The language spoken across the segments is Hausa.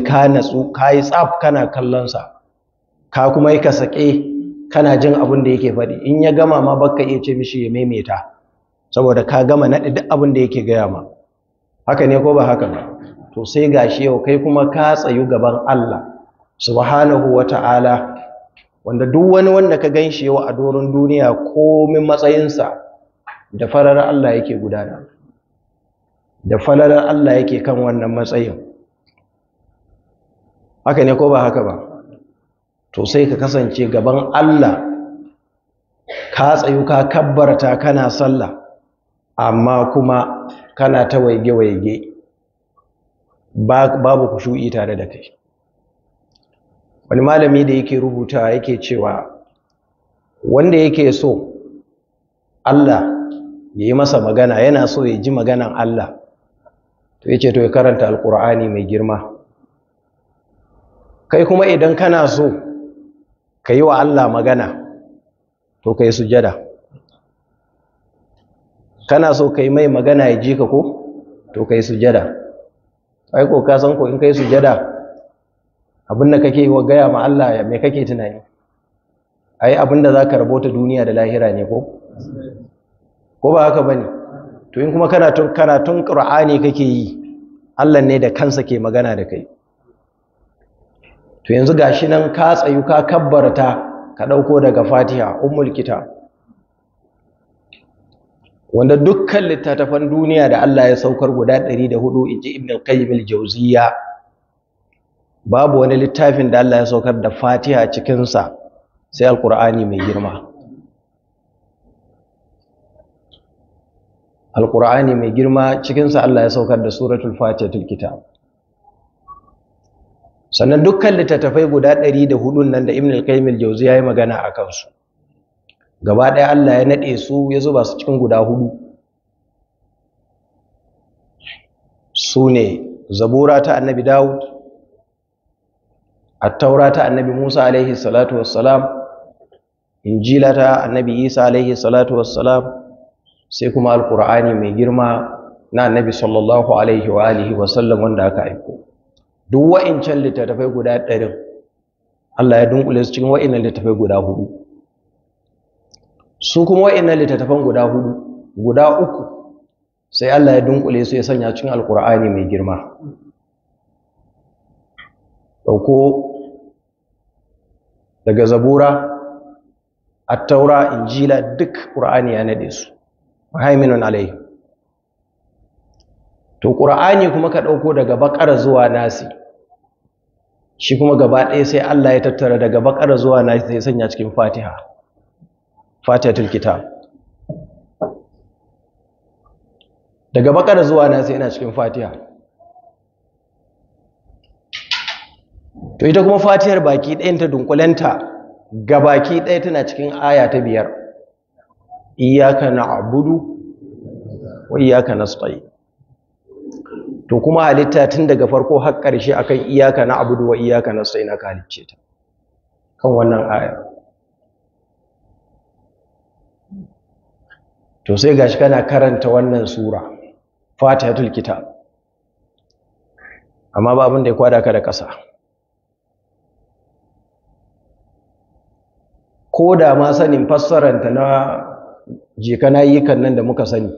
ka natsu ka yi tsaf kana kallonsa ka kuma yi ka sake kana jin abin da yake faɗi in ya gama ma baka iya ce mishi ya maimaita saboda ka gama naɗi duk abin da yake gaya ma haka ne ko ba haka ba to sai gashi yau kai kuma ka tsayu gaban Allah subhanahu wa ta'ala wanda duk wani wanda ka ganshi shi yau a doron duniya komin matsayinsa da falalar Allah yake gudana da falalar Allah yake kan wannan matsayin haka ne ko ba haka ba to sai ka kasance gaban Allah ka tsayu ka kabbarta kana sallah amma kuma kana ta waige-waige babu shu'i tare da kai wani malami da yake rubuta yake cewa wanda yake so Allah ya yi masa magana yana so ya ji maganan Allah to ya to ya karanta alkur'ani mai girma kai kuma idan kana so ka yi wa Allah magana to ka yi sujada kana so ka yi mai magana ya ji ka ko to ka yi sujada ai ko ka san ko in ka yi sujada abin da kake wa gaya ma Allah ya, mai kake tunani ai abin da za ka rabota duniya da lahira ne ko ko ba haka ba ne to in kuma kana tun ƙur'ani kake yi Allah ne da kansa ke magana da kai to yanzu gashi nan ka tsayu ka kabbarta ka ɗauko daga fatiha ummul kitab wanda dukkan littattafan duniya da Allah ya saukar guda 104 inji ibn al-qayyim al-jawziyya babu wani littafin da Allah ya saukar da fatiha cikinsa sai alkur'ani mai girma alkur'ani mai girma cikinsa Allah ya saukar da suratul fatihatul kitab sannan dukkan littattafai guda ɗari da hudun nan da ibn al-qayyim al-jawzi yayi magana a kansu gaba ɗaya Allah ya nade su ya zuba su cikin guda hudu su ne zabura ta annabi dawud at-taura ta annabi musa alaihi salatu wassalam injila ta annabi isa alaihi salatu wassalam sai kuma alqur'ani mai girma na annabi sallallahu alaihi wa alihi wa sallam wanda aka aiko duk wa'incan littattafai guda ɗarin Allah ya dunkule su cikin wa'innan littattafai guda hudu su kuma wa'innan littattafan guda hudu guda uku sai Allah ya dunkule su ya sanya cikin alkur'ani mai girma Ɗauko daga zabura attaura injila duk ƙur'ani ya naɗe su muhaiminun alaihi to ƙur'ani kuma ka ɗauko daga baƙar zuwa nasi shi kuma gaba ɗaya sai Allah ya tattara daga bakara zuwa na sai sanya cikin fatiha fatihatul kitab daga bakara zuwa na sai ina cikin fatiha to ita kuma fatihar baki ɗayan ta dunkulenta ga baki ɗaya tana cikin aya ta biyar iyaka na abudu wa iyaka na tsaye to kuma halitta tun daga farko har ƙarshe akan iyaka na abudu wa iyaka na sai na kalice ta kan wannan aya to sai gashi kana karanta wannan sura fatihatul kitab amma ba abin da ya kwada ka da ƙasa ko da ma sanin fassaranta na jika na yi kan nan da muka sani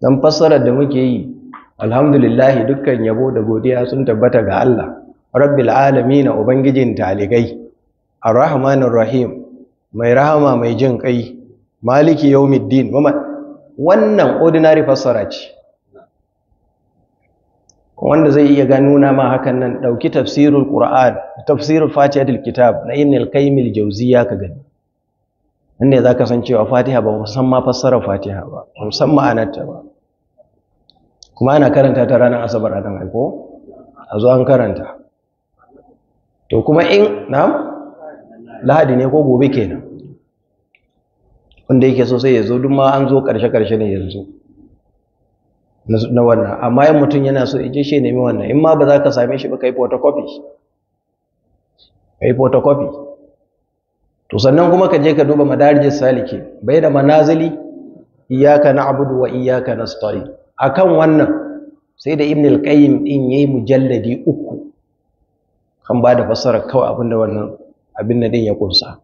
don fassarar da muke yi alhamdulillahi dukkan yabo da godiya sun tabbata ga Allah rabbil alamin ubangijin taligai arrahmanir rahim mai rahama mai jin kai maliki yawmiddin wannan ordinary fassara ce wanda zai iya gano nuna ma hakan nan dauki tafsirul qur'an tafsirul fatihatul kitab na ibn al jawziya ka gani inda zaka san cewa fatiha ba musamman fassara fatiha ba musamman ma'anarta ba kuma ana karanta ta ranar asabar anan aiko a zo an karanta to kuma in na lahadi ne ko gobe kenan wanda yake so sai ya zo duk ma an zo karshe-karshe ne yanzu na wannan amma yin mutum yana so ije shi nemi wannan in ma ba za ka same shi ba ka yi photocopy ka yi photocopy to sannan kuma ka je ka duba madarijin saliki bai da manazili iyaka na abudu wa iyaka na stari akan wannan sai da ibn al-qayyim din yayi mujalladi uku kan ba da fassara kawai abinda wannan abin da din ya kunsa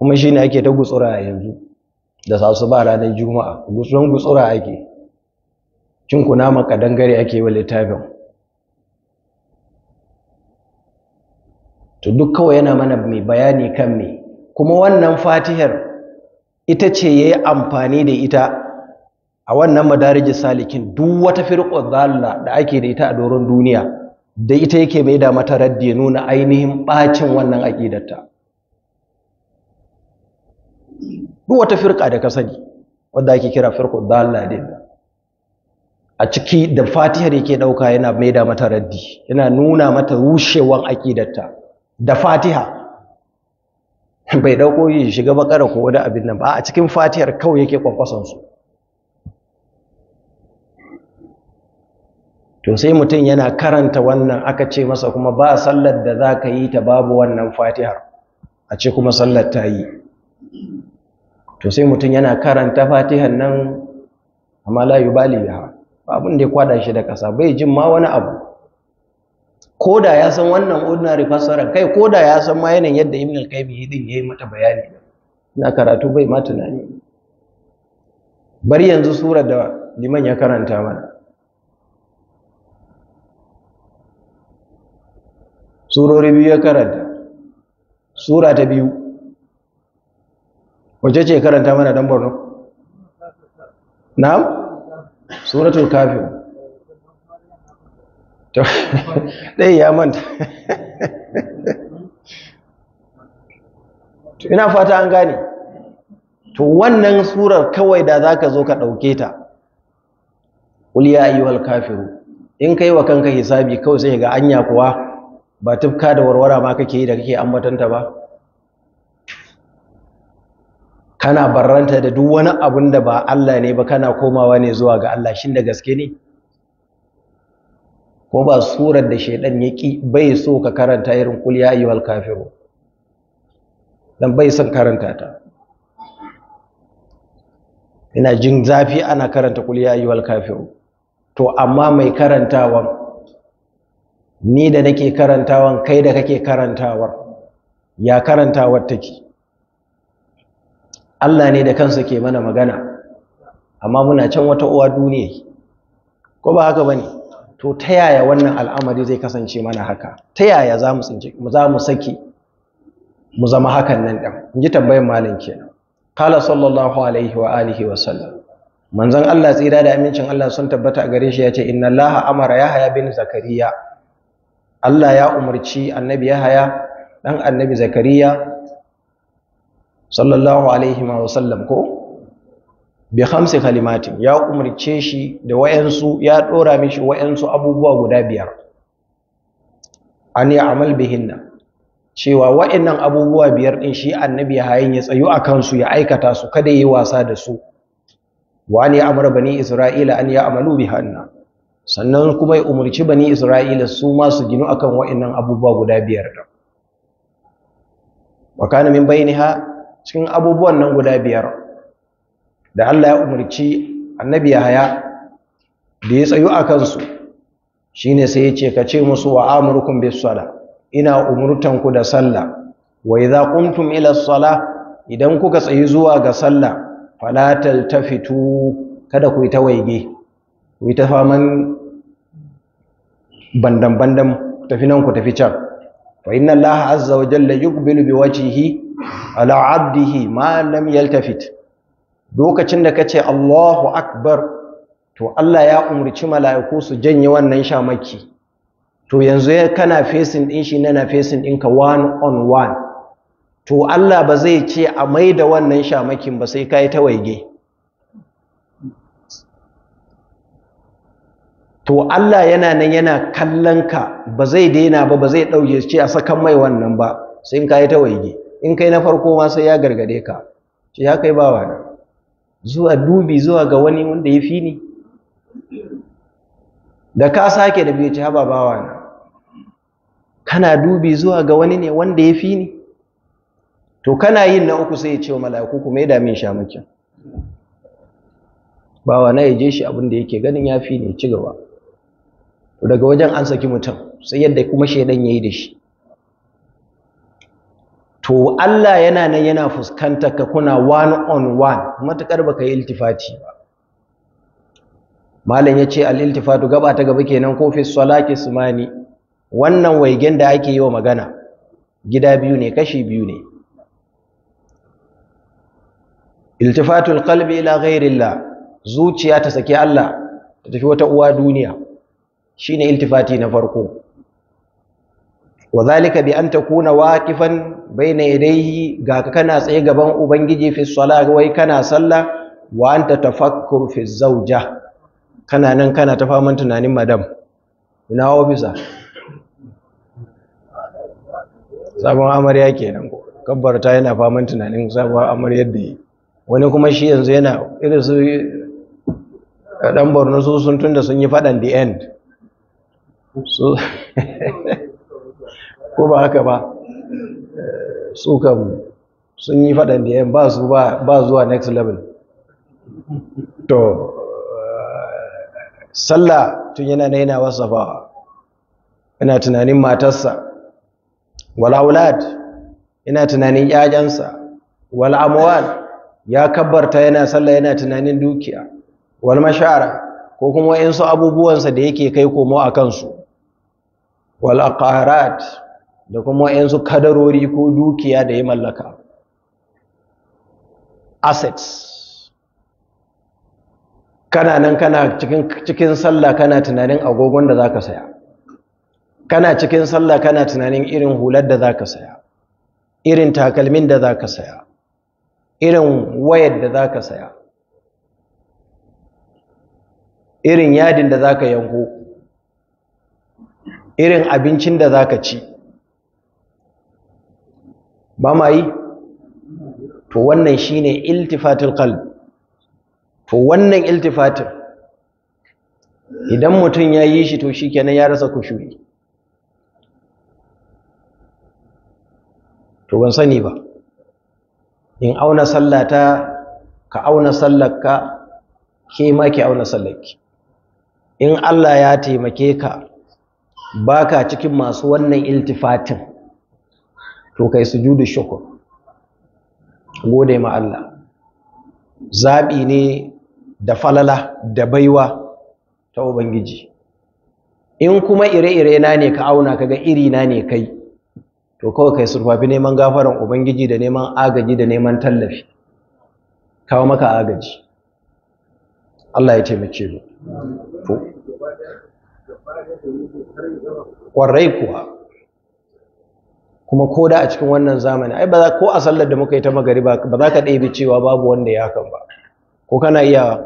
kuma shine ake ta gutsura yanzu da sasu ba ranar juma'a gutsuran gutsura ake cin maka kadangare ake wa littafin to duk kawai yana mana mai bayani kan me kuma wannan fatihar ita ce ya amfani da ita a wannan madariji salikin duk wata firqar zalla da ake da ita a doron duniya da ita yake mai da mata raddi nuna ainihin bacin wannan aqidarta duk wata firqa da ka sani wanda ake kira firƙon zalla din a ciki da fatihar yake ɗauka yana mai da mata raddi yana nuna mata rushewan aqidarta da fatiha bai ɗauko yi shiga bakara ko wani abin nan ba a cikin fatihar kawai yake kwakwasan su to sai mutum yana karanta wannan aka ce masa kuma ba sallar da za ka yi ta babu wannan fatihar a ce kuma sallar ta yi to sai mutum yana karanta fatihar nan amma la bali ya abin da ya kwada shi da ƙasa bai jin ma wani abu ko da ya san wannan ordinary fassara kai ko da ya san ma yanayin yadda ibn al-qayyim din yayi mata bayani na karatu bai ma tunani bari yanzu surar da liman ya karanta mana surori biyu ya karanta sura ta biyu wace ce karanta mana dan borno na'am suratul kafir to dai ya manta to ina fata an gane to wannan surar kawai da zaka zo ka dauke ta qul ya ayyuhal kafiru in kai wa kanka hisabi kawai sai ga anya kuwa ba tufka da warwara ma kake yi da kake ambatanta ba kana barranta da duk wani abin da ba Allah ne ba kana komawa ne zuwa ga Allah shin da gaske ne ko ba surar da shaidan ya ki bai so ka karanta irin kul ya ayyuhal kafiru dan bai son karanta ta ina jin zafi ana karanta kul ya ayyuhal kafiru to amma mai karantawan ni da nake karantawan kai da kake karantawar ya karantawar take Allah ne da kansa ke mana magana amma muna can wata uwa duniya ko ba haka bane to ta yaya wannan al'amari zai kasance mana haka ta yaya za mu tsinci za mu saki mu zama hakan nan din in ji tambayar malam kenan qala sallallahu alaihi wa alihi wa sallam manzon Allah tsira da amincin Allah sun tabbata a gare shi yace inna Allah amara yahya bin zakariya Allah ya umarci annabi Yahaya dan annabi Zakariya sallallahu alaihi wa sallam ko bi khamsi kalimatin ya umarce shi da wayansu ya dora mishi wayansu abubuwa guda biyar an ya amal bihinna cewa wayannan abubuwa biyar din shi annabi hayin ya tsayu a kansu ya aikata su kada yi wasa da su wa ne amara bani isra'ila an yi amalu bihanna sannan kuma ya umarci bani isra'ila su masu su ginu akan wa'annan abubuwa guda biyar da wakana min bayani ha cikin abubuwan nan guda biyar da Allah ya umarci annabi Yahaya da ya tsayu akan su shine sai ya ce ka ce musu wa amurukum bis sala ina umurtan ku da sallah wa idza qumtum ila sala idan kuka tsayi zuwa ga sallah fala taltafitu kada ku yi ta waige ku yi ta faman bandan-bandan tafi nan ku tafi can fa inna Allah azza wa jalla yuqbilu bi wajhihi ala 'abdihi ma lam yaltafit lokacin da kace Allahu akbar to Allah ya umurci mala'iku su janye wannan shamaki to yanzu ya kana facing din shi nana facing din ka one on one to Allah ba zai ce a mai da wannan shamakin ba sai kai ta waige to Allah yana nan yana kallon ka ba zai daina ba ba zai ɗauke ce a sakan mai wannan ba sai in kayi ta waige in kai na farko ma sai ya gargade ka ce ya kai bawa nan, zuwa dubi zuwa ga wani wanda ya fi ni da ka sake da bai ci haba bawa na kana dubi zuwa ga wani ne wanda ya fi ni to kana yin na uku sai ya ce wa mala'iku kuma ya dame shi a bawa na ya je shi abin da yake ganin ya fi ne ci gaba daga wajen an saki mutum sai yadda kuma shaidan yayi da shi to Allah yana nan yana fuskantar ka kuna one on one matakar baka yi iltifati ba malam yace al iltifatu gaba ta gaba kenan ko fi salaki sumani wannan waigen da ake yi wa magana gida biyu ne kashi biyu ne iltifatul qalbi ila ghairillah zuciya ta saki Allah ta tafi wata uwa duniya Shi ne iltifati na farko wa zalika bi an takuna waqifan bayna yadayhi ga ka kana tsaye gaban ubangiji fi salat wai kana sallah wa anta tafakkur fi zawja kana nan kana ta faman tunanin madam ina ofisa sabon amarya kenan ko ta yana faman tunanin sabon amaryar yadda yi wani kuma shi yanzu yana irin su ɗan borno su sun da sun yi faɗan the end so ko ba haka ba eh, su kan sun yi faɗan da yan ba su zuwa next level to eh, sallah tun yana na yana ba yana tunanin matarsa wal'aulad yana tunanin yayansa wal'amuwal ya kabbarta yana sallah yana tunanin dukiya wal mashara ko kuma su abubuwansa da yake kai komo a kansu wal da kuma yanzu kadarori ko dukiya da ya mallaka assets kana nan kana cikin sallah kana tunanin agogon da zaka saya kana cikin sallah kana tunanin irin hular da zaka saya irin takalmin da zaka saya irin wayar da zaka saya irin yadin da zaka yanko irin abincin da za ka ci ba ma yi to wannan shine iltifatul qalb to wannan iltifatin idan mutum ya yi shi to shikenan ya rasa kushuri to ban sani ba in auna sallata ka auna sallarka ke ma ki auna sallarki in Allah ya taimake ka baka cikin masu wannan iltifatin to kai judu shukur gode ma Allah zabi ne da falala da baiwa ta ubangiji in kuma ire-ire na ne ka auna kaga iri na ne kai to kawai kai surfafi neman gafaran ubangiji da neman agaji da neman tallafi kawo maka agaji Allah ya taimake mu Ƙwarai kuwa. Kuma ko da a cikin wannan zamani, ai ba za ko a sallar da muka yi ta magariba ba za ka ɗebe cewa babu wanda ya kan ba. Ko kana iya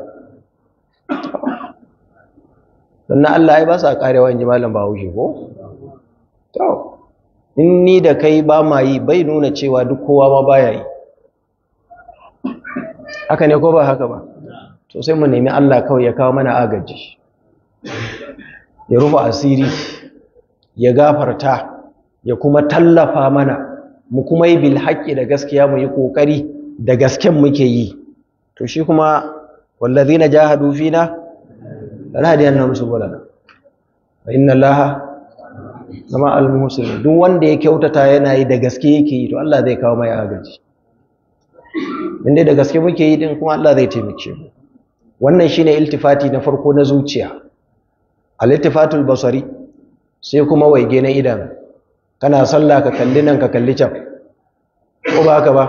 don na Allah ai ba sa karewa in ji malam bahaushe ko? to in ni da kai ba ma yi bai nuna cewa duk kowa ma baya yi haka ne ko ba haka ba to sai mu nemi Allah kawai ya kawo mana agaji ya rufa asiri ya gafarta ya kuma tallafa mana mu kuma yi bil haƙƙi da gaskiya mu yi ƙoƙari da gasken muke yi to shi kuma wallazina jahadu fina lanahdiyanna subulana wa inna allaha zama al Musulmi. duk wanda ya kyautata yana yi da gaske yake yi to Allah zai kawo mai agaji inda da gaske muke yi din kuma Allah zai taimake mu wannan shine iltifati na farko na zuciya alittifatul basari sai kuma waige na idan kana sallah ka kalli nan ka kalli can ko ba haka ba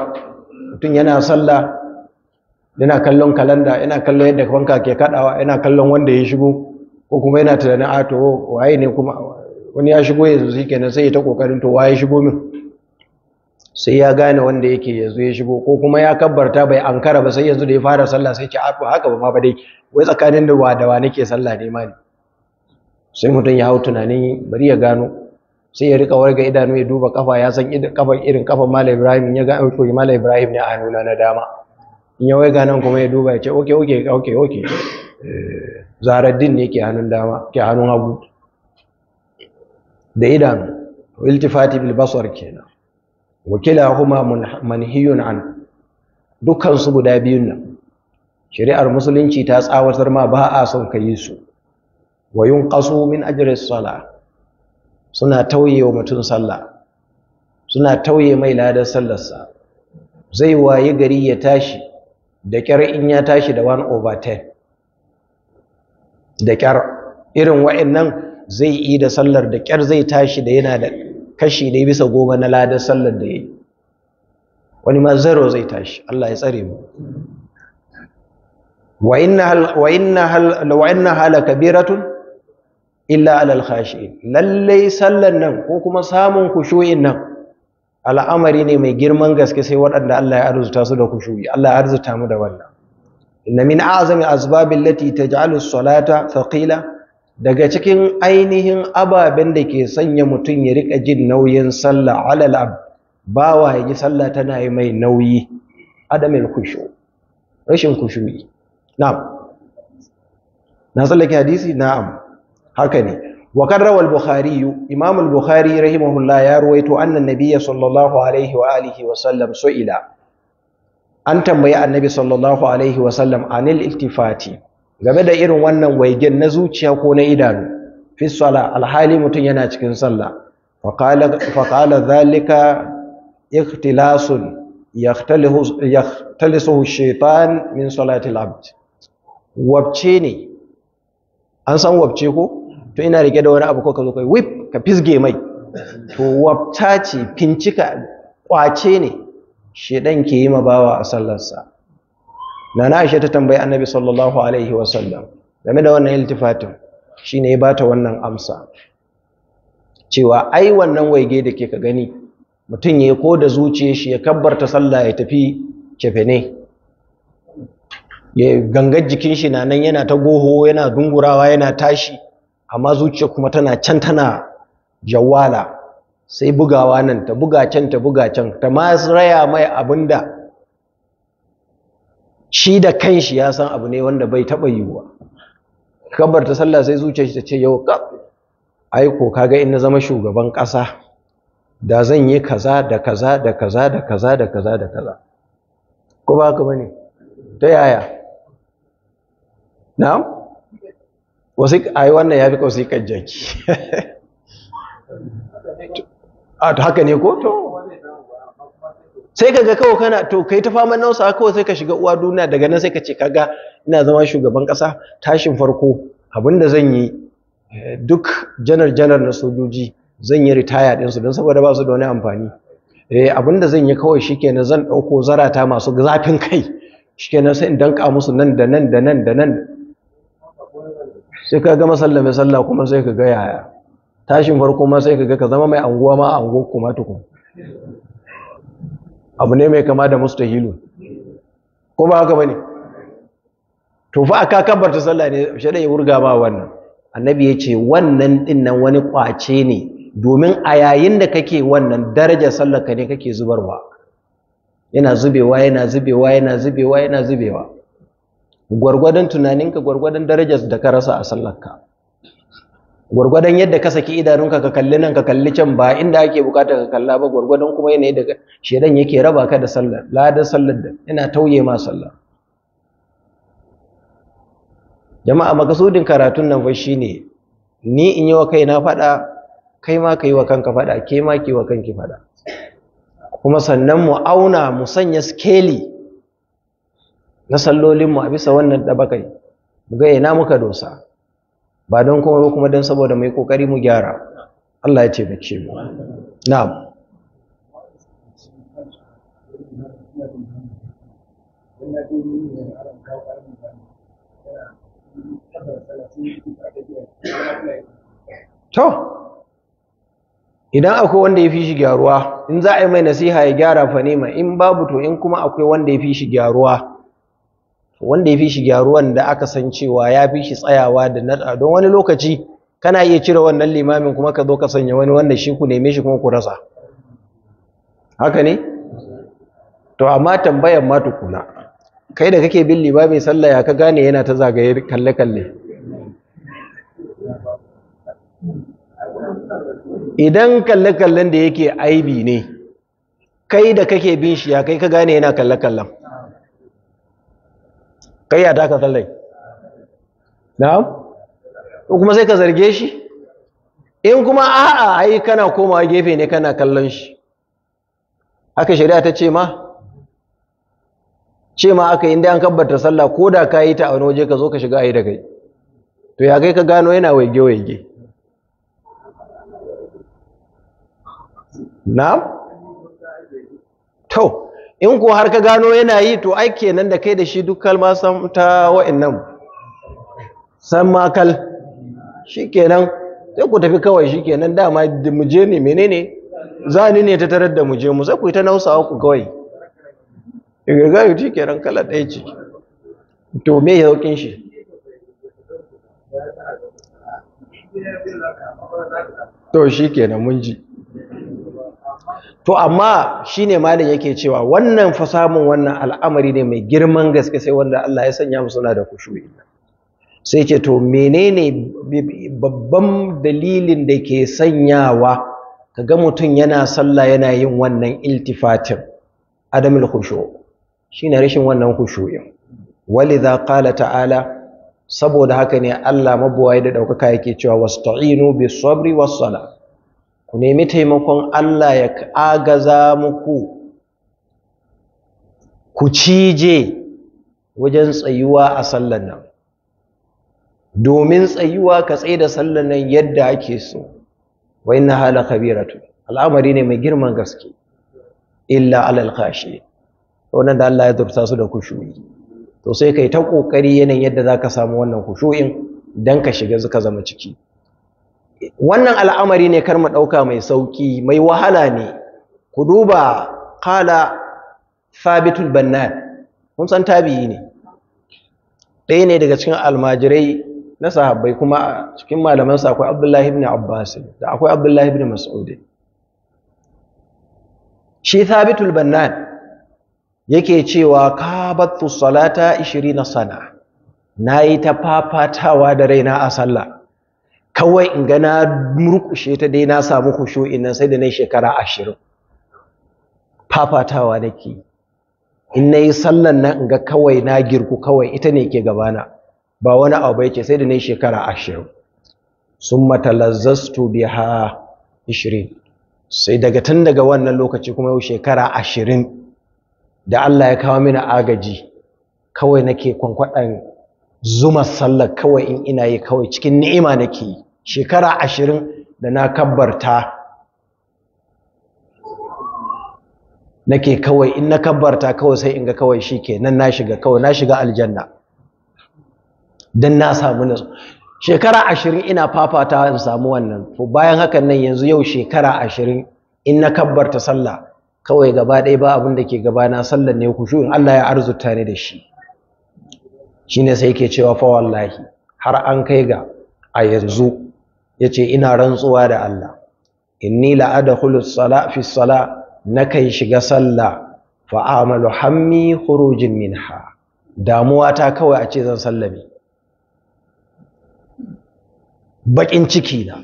mutum yana sallah yana kallon kalanda yana kallon yadda wanka ke kadawa yana kallon wanda ya shigo ko kuma yana tunanin a to waye ne kuma wani ya shigo yanzu shi kenan sai ya ta kokarin to waye shigo min sai ya gane wanda yake yanzu ya shigo ko kuma ya kabbarta bai ankara ba sai yanzu da ya fara sallah sai ce a haka ba ma ba dai wai tsakanin da wa da wa nake sallah ne ma ne sai mutum ya hau tunanin bari ya gano sai ya rika warga idanu ya duba kafa ya san kafan irin kafan malam ibrahim ya ga ko mala ibrahim ne a hannuna na dama in ya waiga nan kuma ya duba ya ce oke oke oke oke eh, zaraddin ne ke hannun dama ke hannun hagu da idanu iltifati bil basar kenan wakila huma manhiyun an dukkan su guda biyun nan shari'ar musulunci ta tsawatar ma ba a son ka yi su wa ƙasu min ajiyar sallah suna tauye wa mutum sallah suna tauye mai ladan sallarsa zai waye gari ya tashi da ƙyar in ya tashi da 1 over 10 da ƙyar irin wa'annan zai yi da sallar da ƙyar zai tashi da yana da kashi ne bisa goma na ladan sallar da yi. wani ma zaro zai tashi Allah ya tsare mu wa inna hal wa inna hal kabiratun illa alal khashi'in lallai sallan nan ko kuma samun khushu'in nan al'amari ne mai girman gaske sai waɗanda Allah ya arzuta su da khushu'i Allah ya arzuta mu da wannan inna min a'zami asbabil lati taj'alu as-salata thaqila daga cikin ainihin ababen da ke sanya mutum ya rika jin nauyin sallah alal ab bawa ya ji sallah tana yi mai nauyi Adamin khushu rashin khushu'i na'am na tsallake hadisi na'am haka ne wa kan rawal bukhari imam al-bukhari rahimahullah ya ruwaito annan nabiyya sallallahu alaihi wa alihi wa sallam su'ila an tambayi annabi sallallahu alaihi wa sallam anil iltifati game da irin wannan waigen na zuciya ko na idanu fi sala alhali mutum yana cikin sallah فقال zalika ذلك اختلاس يختلسه min من صلاة العبد wabce ne an san wabce ko to ina rike da wani abu ko ka zo kai whip ka fisge mai to wabta ce fincika kwace ne shedan ke yi ma bawa a sallarsa nana aisha ta tambayi annabi sallallahu alaihi wasallam game da wannan iltifatin shine ya bata wannan amsa cewa ai wannan waige da ke ka gani mutum ya ko da zuciya shi ya kabbarta sallah ya tafi kefene ya gangar jikin shi na nan yana ta goho yana dungurawa yana tashi amma zuciya kuma tana can tana jawala sai bugawa nan ta buga can ta buga can ta ma raya mai abinda shi da kanshi ya san abu ne wanda bai taɓa yiwuwa kabar ta sallah sai zuciya shi ta ce yau aiko kaga in na zama shugaban ƙasa da zan yi kaza da kaza da kaza da kaza da kaza da kaza ko ba ka bane ta yaya na'am wasu ai wannan ya fi kan jaki a to haka ne ko to sai kaga kawai kana to kai ta faman nausa kawai sai ka shiga uwa duniya daga nan sai ka ce kaga ina zama shugaban kasa tashin farko abinda zan yi eh, duk janar janar na sojoji zan yi ritaya ɗinsu don saboda ba su da wani amfani eh abinda zan yi kawai shikenan zan ɗauko zarata masu zafin kai shikenan sai in danka musu nan da nan da nan da nan sai ka ga mai sallah kuma sai ka ga yaya tashin farko ma sai ka ga ka zama mai anguwa ma anguwa kuma tukun abu ne mai kama da mustahilu ko ba haka bane to fa aka sallah ne ya wurga ba wannan annabi ya ce wannan dinnan wani kwace ne domin a yayin da kake wannan daraja sallar ka ne kake zubarwa yana zubewa yana zubewa yana zubewa yana zubewa gwargwadon tunaninka gwargwadon darajar da ka rasa a sallarka gwargwadon yadda ka saki idanunka ka kalli nan ka kalli can ba inda ake bukata ka kalla ba gwargwadon kuma yanayi da shedan yake raba ka da sallar ladan sallar da yana tauye ma sallar jama'a makasudin karatun nan fa shine ni in yi wa kaina fada kai ma ka yi wa kanka fada ke ma ki wa kanki fada kuma sannan mu auna mu sanya skeli na sallolinmu a bisa wannan ɗabakai mu ga ina muka dosa ba don kuma kuma don saboda mai ƙoƙari mu gyara Allah ya taimake mu na'am to idan akwai wanda ya fi shi gyaruwa in za a yi mai nasiha ya gyara fa nema in babu to in kuma akwai wanda ya fi shi gyaruwa wanda ya fi shi gyaruwan da aka san cewa ya fi shi tsayawa da nada don wani lokaci kana iya cire wannan limamin kuma ka zo ka sanya wani wanda shi ku neme shi kuma ku rasa haka ne to amma tambayar ma tukuna kai da kake bin limami sallah ya ka gane yana ta zagaye kalle kalle idan kalle kallen da yake aibi ne kai da kake bin shi ya kai ka gane yana kalle kallen kai ya taka sallai na'am kuma sai ka zarge shi in kuma a'a ai kana komawa gefe ne kana kallon shi haka shari'a ta ce ma ce ma aka inda an kabbata sallah ko da ka yi ta a wani waje ka zo ka shiga ayi da kai to ya kai ka gano yana waige waige na'am to in ko har ka gano yana yi to ai kenan da kai da shi duk kalma san ta wa'annan san makal shikenan sai ku tafi kawai shikenan dama da mu je ne menene zani ne ta tarar da mu je mu sai ku ta nausawa ku kawai ga gayu kenan kala ɗaya ce to me ya hokin shi to shikenan mun ji to amma shine malam yake cewa wannan fa samun wannan al'amari ne mai girman gaske sai wanda Allah ya sanya musu suna da kushuyi sai ce to menene babban dalilin da ke sanyawa ka ga mutum yana sallah yana yin wannan iltifatin adamul khushu shine rashin wannan khushuyin walidha qala ta'ala saboda haka ne Allah mabuwaye da ɗaukaka yake cewa wasta'inu bis sabri was sala ku nemi taimakon Allah ya agaza muku ku cije wajen tsayuwa a sallan nan domin tsayuwa ka tsaye da sallan nan yadda ake so wa inna hala kabiratu al'amari ne mai girman gaske illa alal kashi wannan da Allah ya zurta su da kushuyi to sai kai ta kokari yanayin yadda zaka samu wannan kushuyin dan ka shiga zuka zama ciki wannan al'amari ne kar mu ɗauka mai sauƙi mai wahala ne ku duba kala thabitul bannan kun san tabi'i ne ɗaya ne daga cikin almajirai na sahabbai kuma cikin malamansa akwai abdullahi ibn abbas da akwai abdullahi ibn mas'ud shi thabitul bannan yake cewa kabattu salata 20 sana nayi ta fafatawa da raina a sallah kawai in ga na murƙushe ta dai na samu kusho inan sai da na shekara ashirin fafatawa nake in na yi sallan nan in ga kawai na girku kawai ita ne ke gabana ba wani abu yake sai da na shekara ashirin sun matalazzastu ha ishirin sai daga tun daga wannan lokaci kuma yau shekara ashirin da Allah ya kawo mini agaji kawai nake kwankwaɗan zuma sallar kawai in ina yi kawai cikin ni'ima nake yi shekara ashirin da na kabbarta nake kawai in na kabbarta kawai sai in ga kawai shi ke nan na shiga kawai na shiga aljanna don na samu nasu shekara ashirin ina fafata in samu wannan to bayan hakan nan yanzu yau shekara ashirin in na kabbarta sallah kawai gaba ɗaya ba abin da ke gabana sallar ne kushu in Allah ya arzuta ni da shi Shi shine sai ke cewa fa wallahi har an kai ga a yanzu yace ina rantsuwa da Allah inni la adkhulu as-sala fi as na kai shiga sallah fa amalu hammi khurujin minha damuwa ta kawai a ce zan sallame bakin ciki na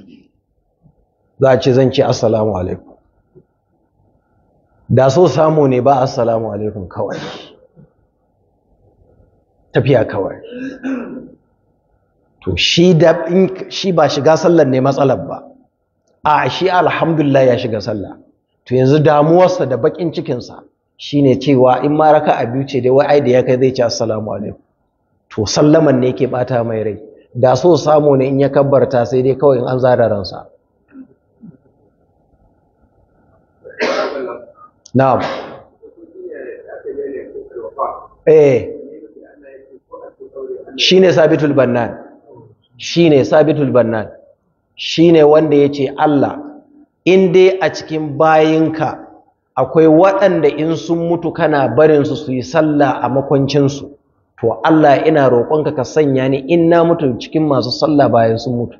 za a ce zan ce assalamu alaikum da so samu ne ba assalamu alaikum kawai tafiya kawai to shi ba shiga sallar ne matsalar ba a shi alhamdulillah ya shiga sallah to yanzu damuwarsa da bakin cikinsa shine cewa in ma raka a biyu ce dai wai ai da ya kai zai ci assalamu alaikum to sallaman ne yake bata mai rai da so samu ne in ya kabbarta sai dai kawai in an zara ransa na'am eh shine sabitul bannan shine sabitul bannan shine wanda yace Allah in dai a cikin bayinka akwai waɗanda in sun mutu kana barinsu su yi sallah a makwancinsu to Allah ina roƙonka ka sanya ni in na mutu cikin masu sallah bayan sun mutu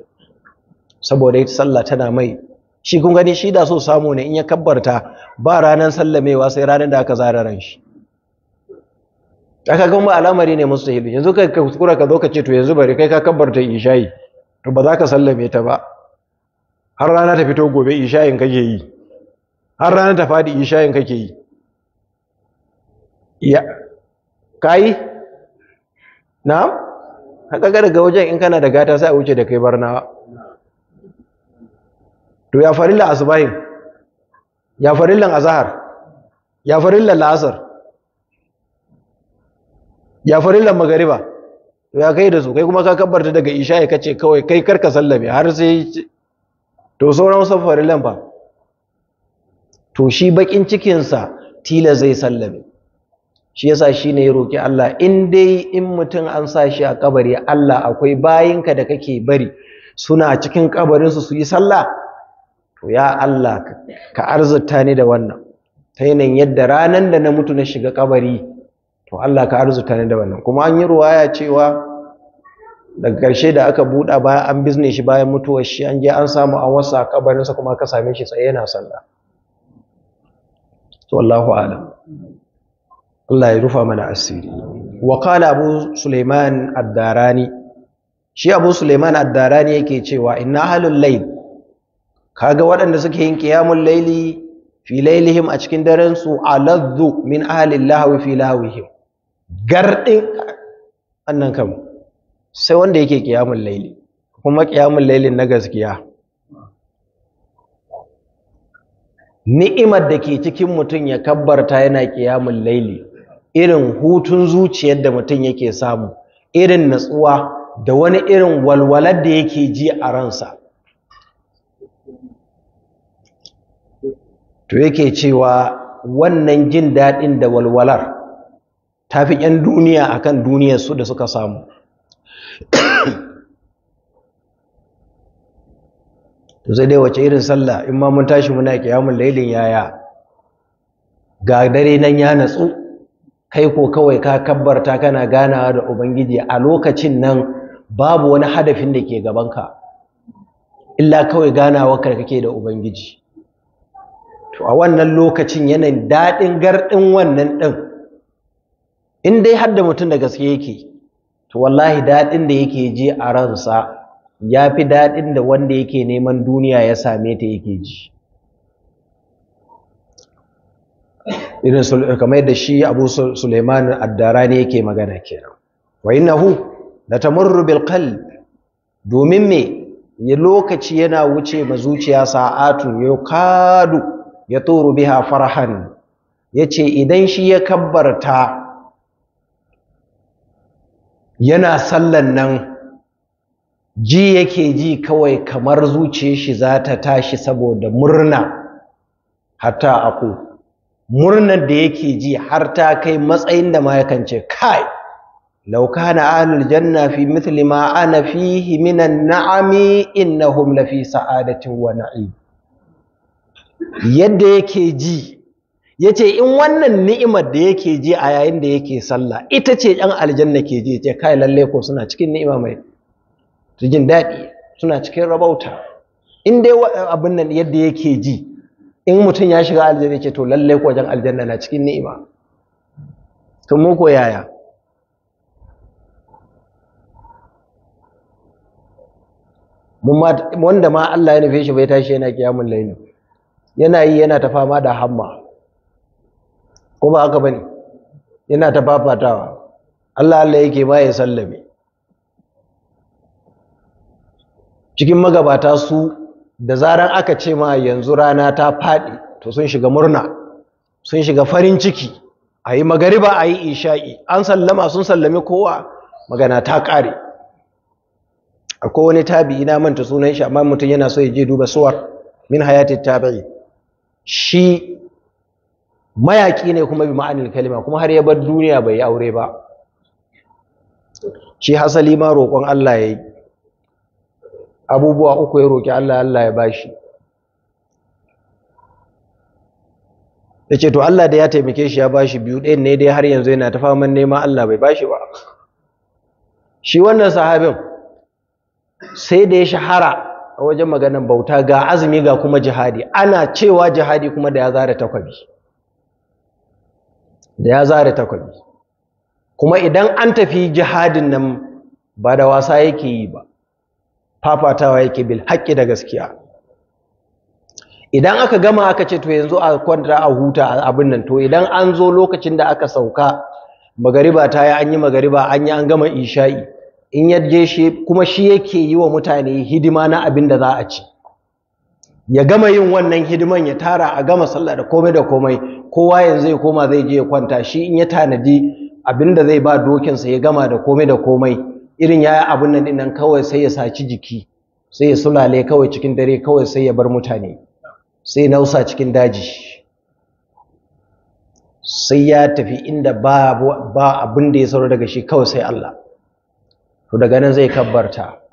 saboda ita sallah tana mai shi kun gani shi da so samu ne in ya kabbarta ba ranar sallamewa sai ranar da aka zara ran shi aka gan ba al'amari ne musu hidu yanzu kai ka kura ka zo ka ce to yanzu bari kai ka kabbarta isha'i to ba za ka sallame ta ba har rana ta fito gobe isha'in kake yi har rana ta fadi isha'in kake yi ya kai na haka ga daga wajen in kana da gata sai a wuce da kai barnawa to ya farilla asbahin ya farillan zahar, ya farillan la'asar ya farillan magariba ya kai da su kai kuma ka kabbarta daga isha ya kace kawai kai karka sallame har sai to sauran wasu farillan fa to shi bakin cikinsa tila zai sallame shi yasa shi ne ya roƙi Allah in dai in mutum an sa shi a kabari Allah akwai bayinka da kake bari suna cikin kabarinsu su yi sallah to ya Allah ka arzuta ni da wannan ta yanayin yadda ranar da na mutu na shiga kabari to Allah ka arzuta ne da wannan kuma an yi ruwaya cewa daga ƙarshe da aka buɗa bayan an bizne shi bayan mutuwar shi an je an samu an wasa kabarinsa kuma ka same shi tsaye yana sallah to Allahu alam Allah ya rufa mana asiri wa qala Abu Sulaiman ad-Darani shi Abu Sulaiman ad-Darani yake cewa inna ahlul layl kaga waɗanda suke yin qiyamul layli fi a cikin daren su aladdu min ahli lahwi fi gardin annan kam sai wanda yake kiyamun laili kuma kiyamun lailin na gaskiya ni'imar da ke cikin mutum ya kabbarta yana kiyamun laili irin hutun zuciyar da mutum yake samu irin natsuwa da wani irin walwalar da yake ji a ransa to yake cewa wannan jin daɗin da walwalar ta fi ƴan duniya akan duniyar su da suka samu to sai dai wace irin sallah in ma mun tashi muna kiyamun lailin yaya ga dare nan ya natsu kai ko kawai ka kabbarta kana ganawa da ubangiji a lokacin nan babu wani hadafin da ke gabanka illa kawai ganawa kar kake da ubangiji to a wannan lokacin yanayin daɗin garɗin wannan ɗin in dai har da mutum da gaske yake to wallahi daɗin da yake ji a ransa ya fi daɗin da wanda yake neman duniya ya same ta yake ji irin kamar da shi abu suleiman addara ne yake magana kenan wa innahu la tamurru bil qalb domin me ya lokaci yana wuce ma zuciya sa'atu ya kadu ya turu biha farhan yace idan shi ya kabbarta yana sallan nan ji yake ji kawai kamar zuciyar shi za ta tashi saboda murna hatta aku murnar da yake ji har ta kai matsayin da ma yakan ce kai law kana ahlul janna fi mithli ma ana fihi minan na'ami innahum lafi sa'adatin wa na'im yadda yake ji yace in wannan ni'imar da yake ji a yayin da yake sallah ita ce yan aljanna ke ji ce kai lalle ko suna cikin ni'ima mai jin daɗi suna cikin rabauta in dai abin nan yadda yake ji in mutum ya shiga aljanna ce to lalle ko wajen aljanna na cikin ni'ima to mu ko yaya wanda ma Allah ya nufe shi bai tashi yana kiyamun laili yana yi yana ta fama da hamma ko ba haka bane yana ta fafatawa Allah Allah yake ba ya sallame cikin magabata su da zaran aka ce ma yanzu rana ta faɗi to sun shiga murna sun shiga farin ciki a yi magariba a yi isha'i an sallama sun sallami kowa magana ta ƙare akwai wani tabi'i na manta sunan shi amma mutum yana so ya je duba suwar min hayatin tabi'i shi mayaƙi ne kuma bi ma'anin kalima kuma har ya bar duniya bai yi aure ba shi hasali ma roƙon Allah ya yi abubuwa uku ya roƙi Allah Allah ya bashi ya ce to Allah da ya taimake shi ya bashi biyu ɗayan ne dai har yanzu yana ta faman nema Allah bai bashi ba shi wannan sahabin sai da ya shahara a wajen maganin bauta ga azumi ga kuma jihadi ana cewa jihadi kuma da ya zara takwabi da ya zare takobi kuma idan an tafi jihadin nan ba da wasa yake yi ba fafatawa yake bil haƙƙi da gaskiya idan aka gama aka ce to yanzu a kwanta a huta abin nan to idan an zo lokacin da aka sauka magariba ta yi an yi magariba an yi an gama isha'i in yadda shi kuma shi yake yi wa mutane hidima na abin da za a ci ya gama yin wannan hidiman ya tara a gama sallah da komai da komai kowa yanzu zai koma zai je ya kwanta shi in ya tanadi abinda zai ba dokinsa ya gama da komai da komai irin ya abin nan dinnan kawai sai ya saci jiki sai ya sulale kawai cikin dare kawai sai ya bar mutane sai ya nausa cikin daji sai ya tafi inda ba abin da ya sauro daga shi kawai sai Allah to daga nan zai kabbarta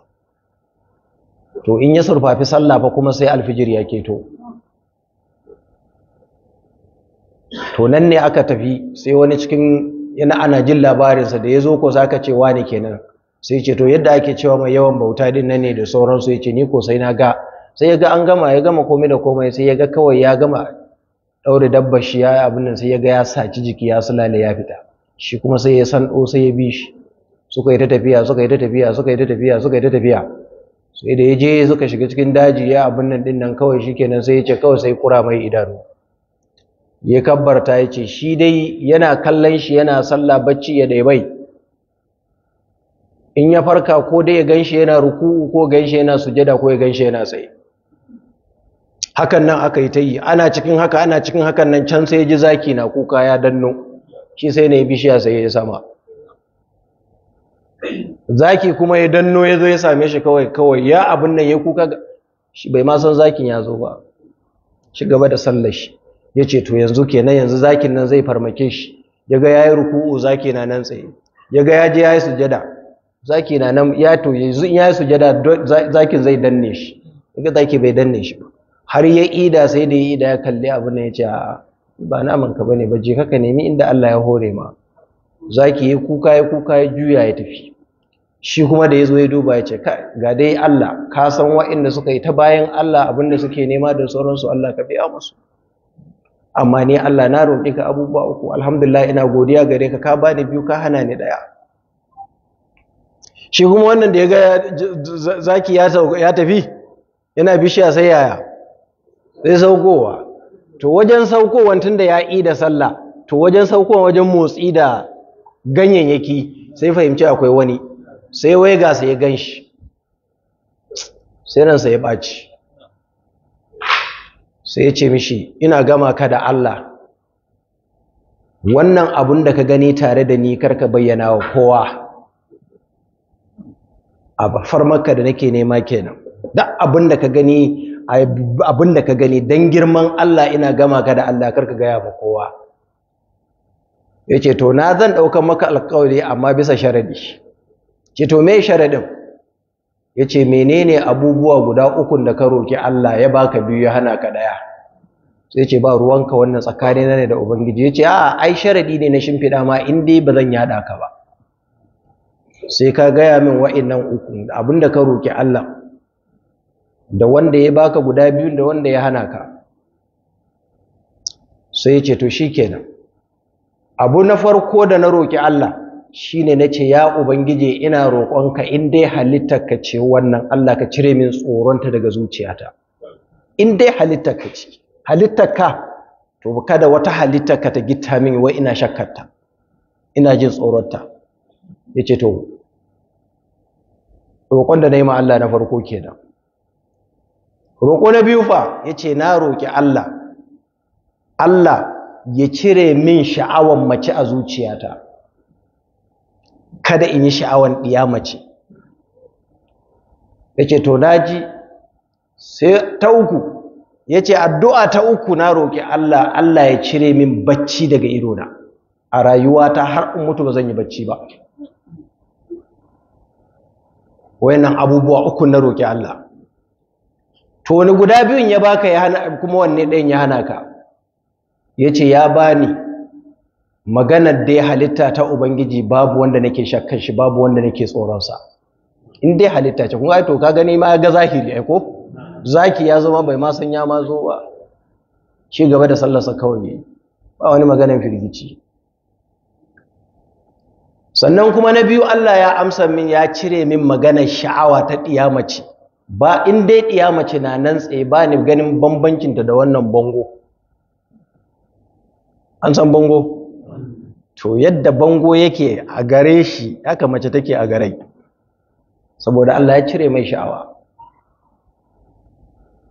to in ya surfafi sallah fa kuma sai alfijir ya keto to nan ne aka tafi sai wani cikin yana ana jin labarinsa da ya zo ko za ka ce wani kenan sai ce to yadda ake cewa mai yawan bauta din nan ne da sauransu ya ce ni ko sai na ga sai ya ga an gama ya gama komai da komai sai ya ga kawai ya gama ɗaure dabba shi ya yi abin nan sai ya ga ya saci jiki ya sulale ya fita shi kuma sai ya san sai ya bi shi suka yi ta tafiya suka yi ta tafiya suka yi ta tafiya suka yi ta tafiya sai da ya je suka shiga cikin daji ya abin nan din nan kawai kenan sai ya ce kawai sai kura mai idanu ya kabbarta ya ce shi dai yana kallon shi yana sallah bacci ya daibai in ya farka ko dai ya ganshi yana ruku, ko ganshi yana sujada ko ya ganshi yana tsaye hakan nan aka yi ta yi ana cikin haka ana cikin hakan nan can sai ya ji zaki na kuka ya danno shi sai na yi bishiya sai ya sama zaki kuma ya danno ya zo ya same shi kawai kawai ya abin nan ya kuka shi bai ma san zakin ya zo ba shi gaba da sallar shi ya ce to yanzu kenan yanzu zakin nan zai farmake shi ya ga ya yi ruku'u zaki na nan tsaye ya ga ya je ya yi sujada zaki na nan ya to yanzu ya yi sujada zakin zai danne shi ya ga zaki bai danne shi ba har ya ida sai da ya ida ya kalli abin nan ya ce a'a ba naman ka bane ba je ka nemi inda Allah ya hore ma zaki ya kuka ya kuka ya juya ya tafi shi kuma da ya zo ya duba ya ce ga dai Allah ka san wa'inda suka yi ta bayan Allah abinda suke nema da sauransu Allah ka biya musu amma ni Allah na roƙi ka abubuwa uku alhamdulillah ina godiya gare ka ka bani biyu ka hana ni daya shi kuma wannan da ya ga zaki ya tafi yana bishiya sai yaya sai saukowa to wajen tun tunda ya yi da sallah to wajen saukowa wajen motsi da ganyayyaki sai fahimci akwai wani sai wai ga sai ya gan shi sai ransa ya ɓaci sai ya ce mishi ina gama ka da Allah wannan abun da ka gani tare da ni karka bayyana wa kowa a bafar maka da nake nema kenan duk abun da ka gani abun da ka gani don girman Allah ina gama ka da Allah karka gaya wa kowa ya ce to na zan ɗaukar maka alkawari amma bisa sharadi ce to me sharadin ya ce menene abubuwa guda ukun da ka roki Allah ya baka biyu ya hana ka daya sai ce ba ruwanka wannan tsakani na ne da ubangiji ya ce a ai sharadi ne na shimfiɗa ma in dai ba zan yada ka ba sai ka gaya min wa'innan ukun abinda ka roki Allah da wanda ya baka guda biyu da wanda ya hana ka sai yace ce to shikenan abu na farko da na roki Allah shine nace ya ubangije ina roƙonka in dai halittarka ce wannan Allah ka cire min tsoronta daga zuciyata in dai halittarka ce ka to kada wata halittarka ta gitta min wai ina shakkarta ina jin tsoronta yace to roƙon da nayi ma Allah na farko kenan roƙo na biyu fa yace na roƙi Allah Allah ya cire min sha'awan mace a zuciyata kada in yi sha'awan ɗiya mace ya ce to naji sai ta uku ya ce addu'a ta uku na roƙi Allah Allah ya cire min bacci daga idona a rayuwata har in mutu ba zan yi bacci ba wayannan abubuwa uku na roƙi Allah to wani guda biyun ya baka ya hana kuma wanne ɗayan ya hana ka ya ce ya bani maganar dai halitta ta ubangiji babu wanda nake shakkan shi babu wanda nake tsoronsa in dai halitta ce kuma ai to ka gani ma ga zahiri ai ko zaki ya zama bai ma san ya ma zo ba shi gaba da sallarsa kawai ba wani maganar firgici sannan kuma na biyu Allah ya amsa min ya cire min maganar sha'awa ta ɗiyamace ba in dai ɗiyamace na nan tsaye ba ni ganin bambancinta da wannan bango an san bango to yadda bango yake a gare shi haka mace take a gare saboda Allah ya cire mai sha'awa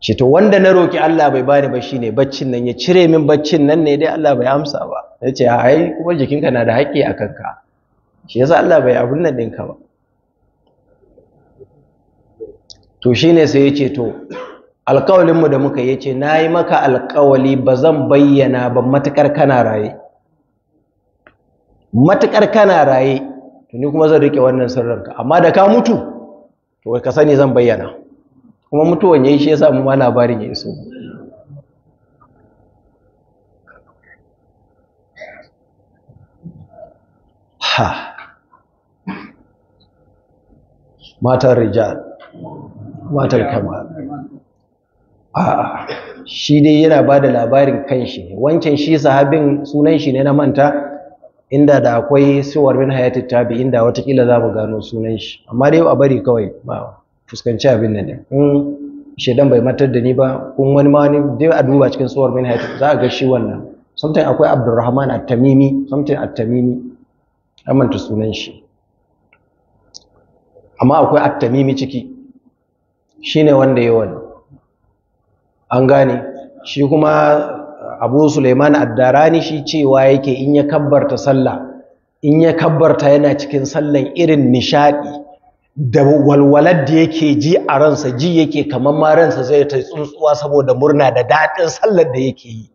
ce to wanda na roki Allah bai bani ba shine baccin nan ya cire min baccin nan ne dai Allah bai amsa ba yace ai kuma jikinka na da haƙƙi a kanka shi yasa Allah bai abun nan ɗinka ba to shine sai yace to alƙawalinmu da muka yace nayi maka alƙawali ba zan bayyana ba matakar kana raye matuƙar kana raye to ni kuma zan rike wannan sirrinka amma da ka mutu to ka sani zan bayyana kuma mutuwan yayi shi yasa mu ma labarin ya iso ha matar rijal matar Kama. a'a shi dai yana ba da labarin kanshi wancan shi sahabin sunan shi ne na manta inda da akwai suwar min hayati tabi inda watakila za mu gano sunan shi amma dai a bari kawai ba fuskanci abin nan ne in shaidan bai matar da ni ba kun wani ma wani dai a duba cikin suwar min hayati za a ga shi wannan sometimes akwai abdurrahman at-tamimi sometimes at-tamimi manta sunan shi amma akwai at-tamimi ciki shine wanda ya wani an gane shi kuma abu suleiman addarani shi cewa yake in ya kabbarta sallah in ya kabbarta yana cikin sallan irin nishaɗi da walwalar da yake ji a ransa ji yake kamar ma ransa zai ta tsuntsuwa saboda murna da daɗin sallar da yake yi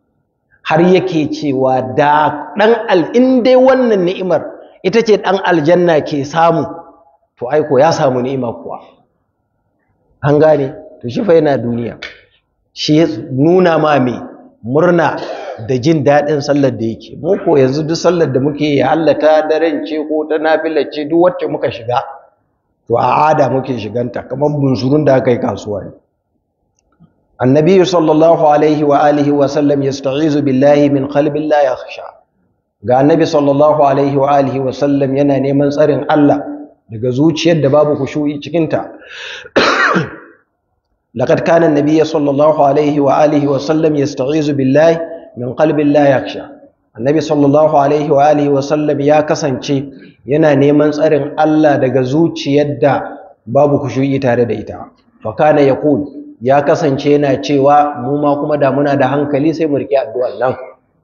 har yake cewa da ɗan al in dai wannan ni'imar ita ce ɗan aljanna ke samu to aiko ya samu ni'ima kuwa an gane to shi fa yana duniya shi nuna ma me murna da jin daɗin sallar da yake mu ko yanzu duk sallar da muke yi Allah ta daren ce ko ta nafila ce duk wacce muka shiga to a ada muke shiganta kamar bunsurun da aka yi kasuwa ne annabi sallallahu alaihi wa alihi wa sallam yasta'izu billahi min qalbin la yakhsha ga annabi sallallahu alaihi wa alihi wa sallam yana neman tsarin Allah daga zuciyar da babu kushuyi cikinta لقد كان النبي صلى الله عليه وآله وسلم يستعيذ بالله من قلب لا يخشى النبي صلى الله عليه وآله وسلم يا كسنشي ينا نيمان تسرين daga zuciyar da babu kushuyi tare da ita Fakana kana ya kasance yana cewa mu kuma da muna da hankali sai mu riki addu'ar nan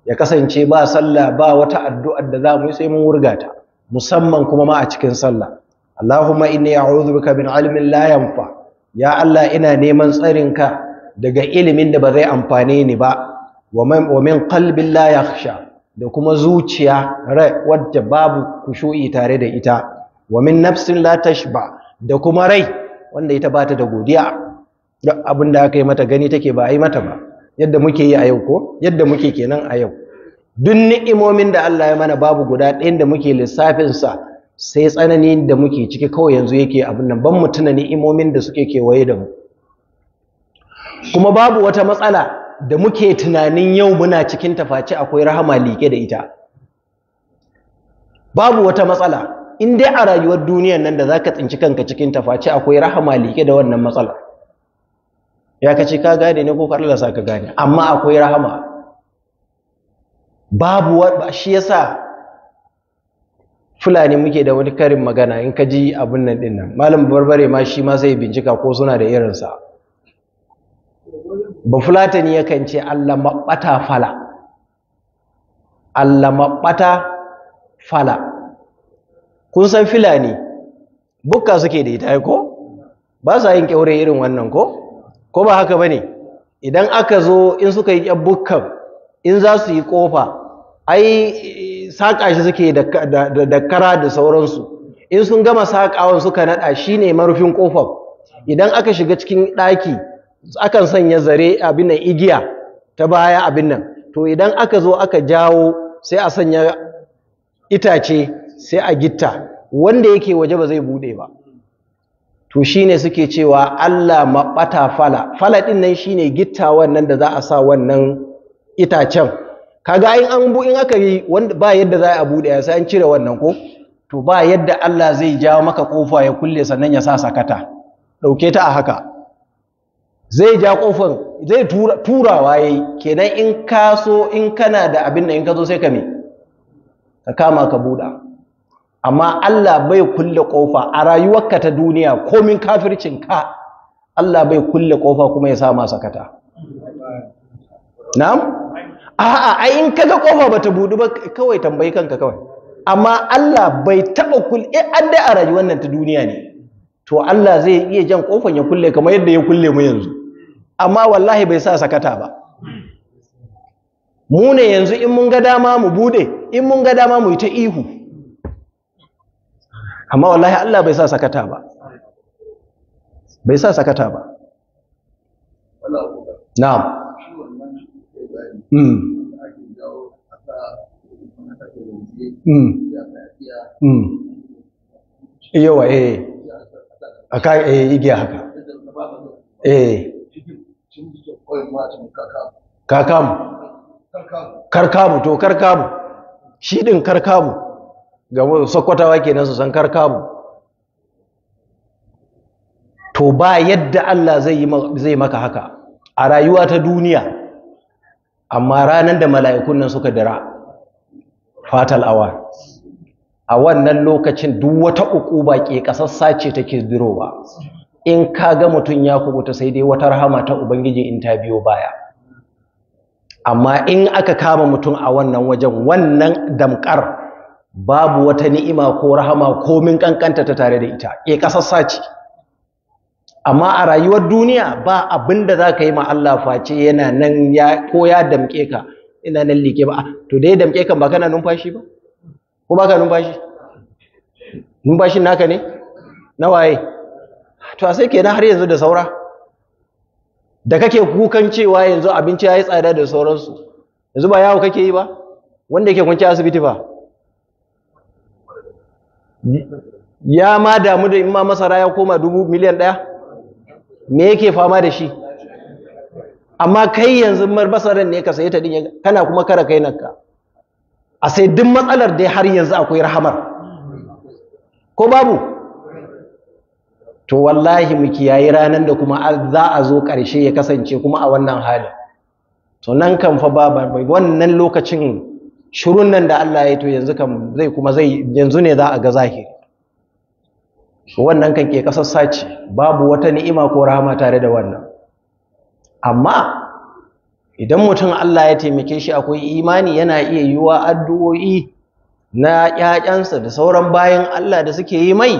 ya kasance ba sallah ba wata addu'ar da zamu yi sai mun wurga ta, musamman kuma ma a cikin sallah Allahuma inni a'udhu bika min ilmin la yanfa' ya Allah ina neman tsarinka daga ilimin da ba zai amfane ni ba wa min qalbin la yakhsha da kuma zuciya rai wadda babu kushu'i tare da ita wa min nafsin la tashba da kuma rai wanda ita bata da godiya duk abin da aka yi mata gani take ba a yi mata ba yadda muke yi a yau ko yadda muke kenan a yau duk ni'imomin da Allah ya mana babu guda ɗayan da muke lissafin sa sai tsanani da muke ciki kawai yanzu yake abin nan ban mutuna ni'imomin da suke kewaye da mu kuma babu wata matsala da muke tunanin yau muna cikin tafaci akwai rahama like da ita babu wata matsala in dai a rayuwar duniyar nan da zaka tsinci kanka cikin tafaci akwai rahama like da wannan matsala ya kace ka gane ne ko karla ka gane amma akwai rahama babu shi yasa fulani muke da wani karin magana in ka ji abin nan din nan malam barbare ma shi ma sai bincika ko suna da irinsa ba fulatani yakan ce allah maɓata fala allah maɓata fala kun san fulani bukka suke da ita ko ba sa yin kyaure irin wannan ko ko ba haka ba ne idan aka zo in suka yi bukkan in za su yi ƙofa. ai saƙa shi suke da kara da sauransu in sun gama saƙawan suka naɗa shine marufin ƙofar idan aka shiga cikin ɗaki akan sanya zare abin nan igiya ta baya abin nan to idan aka zo aka jawo sai a sanya itace sai a gitta wanda yake waje ba zai buɗe ba to shine suke cewa Allah maɓata fala fala ɗin nan shine gitta wannan da za a sa wannan itacen kaga in an bu in aka yi wanda ba yadda za a buɗe sai an cire wannan ko to ba yadda Allah zai jawo maka kofa ya kulle sannan ya sa sakata dauke ta a haka zai ja kofar zai tura turawa yayi kenan in ka so in kana da abin nan in ka zo sai ka me ka kama ka buɗa amma Allah bai kulle kofa a rayuwarka ta duniya komin kafircin ka Allah bai kulle kofa kuma ya sa ma sakata na'am a'a ai in kaga kofa bata budu ba kawai tambayi kanka kawai amma Allah bai taba kulle eh an dai a rayuwar nan ta duniya ne to Allah zai iya jan kofan ya kulle kamar yadda ya kulle mu yanzu amma wallahi bai sa sakata ba mu ne yanzu in mun ga dama mu bude in mun ga dama mu yi ta ihu amma wallahi Allah bai sa sakata ba bai sa sakata ba na'am Hmm. Hmm. Hmm. yawa eh a ka eh igiya haka eh kakamu karkamu to karkamu shi din karkamu ga sokotawa kenan su san karkamu to ba yadda Allah zai maka haka a rayuwa ta duniya amma ranar da mala'ikun nan suka dira fatal awa a wannan lokacin duk wata uku ba ke kasassa ce take ba. in ka ga mutum ya kubuta sai dai wata rahama ta ubangiji in ta biyo baya amma in aka kama mutum a wannan wajen wannan damkar babu wata ni'ima ko rahama komin ƙanƙanta ta tare da ita ke kasassa ce amma a rayuwar duniya ba abin da za ka yi ma Allah face yana nan ya ko ya damƙe ka ina nan like ba to da ya damƙe ka ba kana numfashi ba ko ba ka numfashi numfashin naka ne na waye to a sai kenan har yanzu da saura da kake kukan cewa yanzu abinci ya yi tsada da sauransu yanzu ba yawo kake yi ba wanda yake kwanci asibiti ba ya ma damu da in ma masara ya koma dubu miliyan ɗaya me yake fama da shi amma kai yanzu marbasaran ne ka sai ta din kana kuma kara kai ka a sai duk matsalar dai har yanzu akwai rahamar ko babu to wallahi mu kiyayi ranar da kuma za a zo ƙarshe ya kasance kuma a wannan halin to nan kan fa baba wannan lokacin shirun nan da Allah ya to yanzu kan zai kuma zai yanzu ne za a ga zahiri wannan kan ke kasar sace babu wata ni'ima ko rahama tare da wannan amma idan mutum Allah ya taimake shi akwai imani yana iya yiwa addu'o'i na ƴaƴansa da sauran bayan Allah da suke yi mai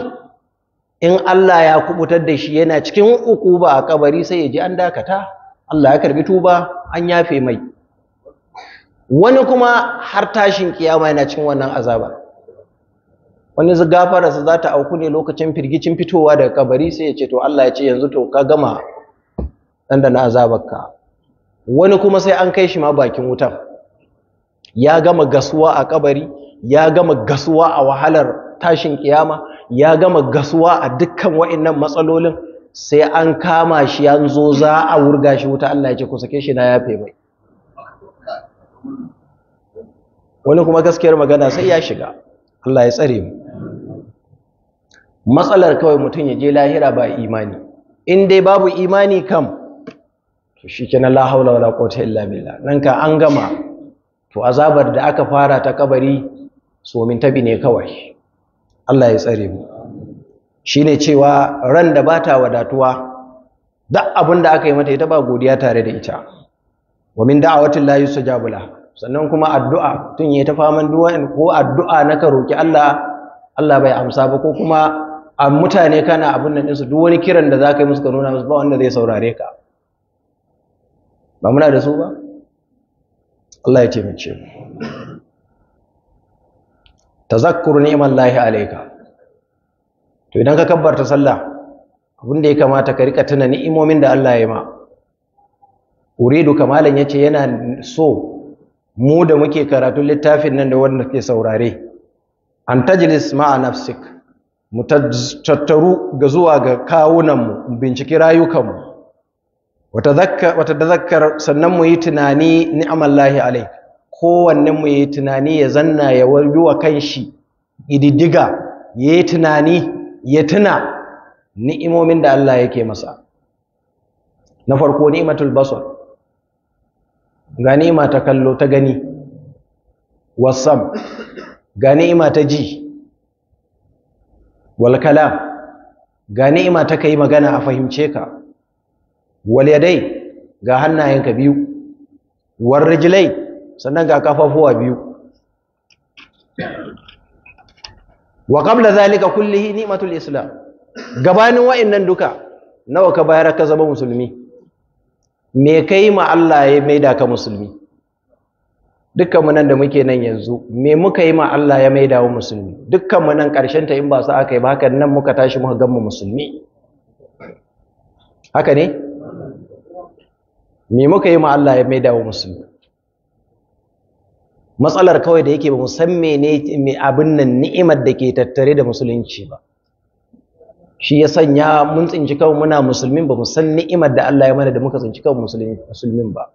in Allah ya kubutar da shi yana cikin uku, ba a kabari sai ya ji an dakata Allah ya karbi tuba an yafe mai wani kuma har tashin kiyama yana cikin wannan azaba wani gafara su za auku ne lokacin firgicin fitowa daga kabari sai ya ce to Allah ya ce yanzu to ka gama da na azabarka wani kuma sai an kai shi ma bakin wutan ya gama gasuwa a kabari ya gama gasuwa a wahalar tashin kiyama ya gama gasuwa a dukkan wa'annan matsalolin sai an kama shi an za a wurga shi wuta Allah ya ce ku sake shi na yafe mai wani kuma gaskiyar magana sai ya shiga Allah ya tsare mu matsalar kawai mutum ya je lahira ba imani in dai babu imani kam to kenan la haula wala quwwata illa billah nan ka an gama to azabar da aka fara ta kabari so min tabi ne kawai Allah ya tsare mu shine cewa ran da bata wadatuwa duk abin da aka yi mata ita ba godiya tare da ita wa min da'awatin la yusajabu la sannan kuma addu'a tun yi ta faman duwa ko addu'a naka ka roƙi Allah Allah bai amsa ba ko kuma a mutane kana abin nan ɗinsu duk wani kiran da za ka yi musu ka nuna musu ba wanda zai saurare ka ba muna da su ba Allah ya taimake mu tazakkur ni'mal lahi alayka to idan ka kabbarta sallah abin da ya kamata ka rika tuna ni'imomin da Allah ya ma uridu ya ce yana so mu da muke karatun littafin nan da wanda ke saurare an tajlis ma'a nafsik mu tattaru ga zuwa ga kawunanmu binciki rayukanmu wata tazakkar sannan mu yi tunani lahi alai kowanne mu yi tunani ya zanna ya warbi wa shi ididdiga ya yi tunani ya tuna ni'imomin da Allah yake masa na farko ni'imatul basar ga ni'ima ta kallo ta gani wasam ga ni'ima ta ji wal kalam ga ni'ima ta kai magana a fahimce ka wal yadai ga hannayenka biyu war rijlai sannan ga kafafuwa biyu wa qabla zalika kullihi ni'matul islam gabanin wa'annan duka nawa ka bayar ka zama musulmi me kai ma Allah ya maida ka musulmi dukkan mu nan da muke nan yanzu me muka yi ma Allah ya maida wa musulmi dukkan mu nan karshen ta in ba sa aka yi ba haka nan muka tashi muka gan musulmi haka ne me muka yi ma Allah ya maida wa musulmi matsalar kawai da yake ba mu san me abin nan ni'imar da ke tattare da musulunci ba shi ya sanya mun tsinci kawai muna musulmin ba mu san ni'imar da Allah ya mana da muka tsinci kanmu musulmin ba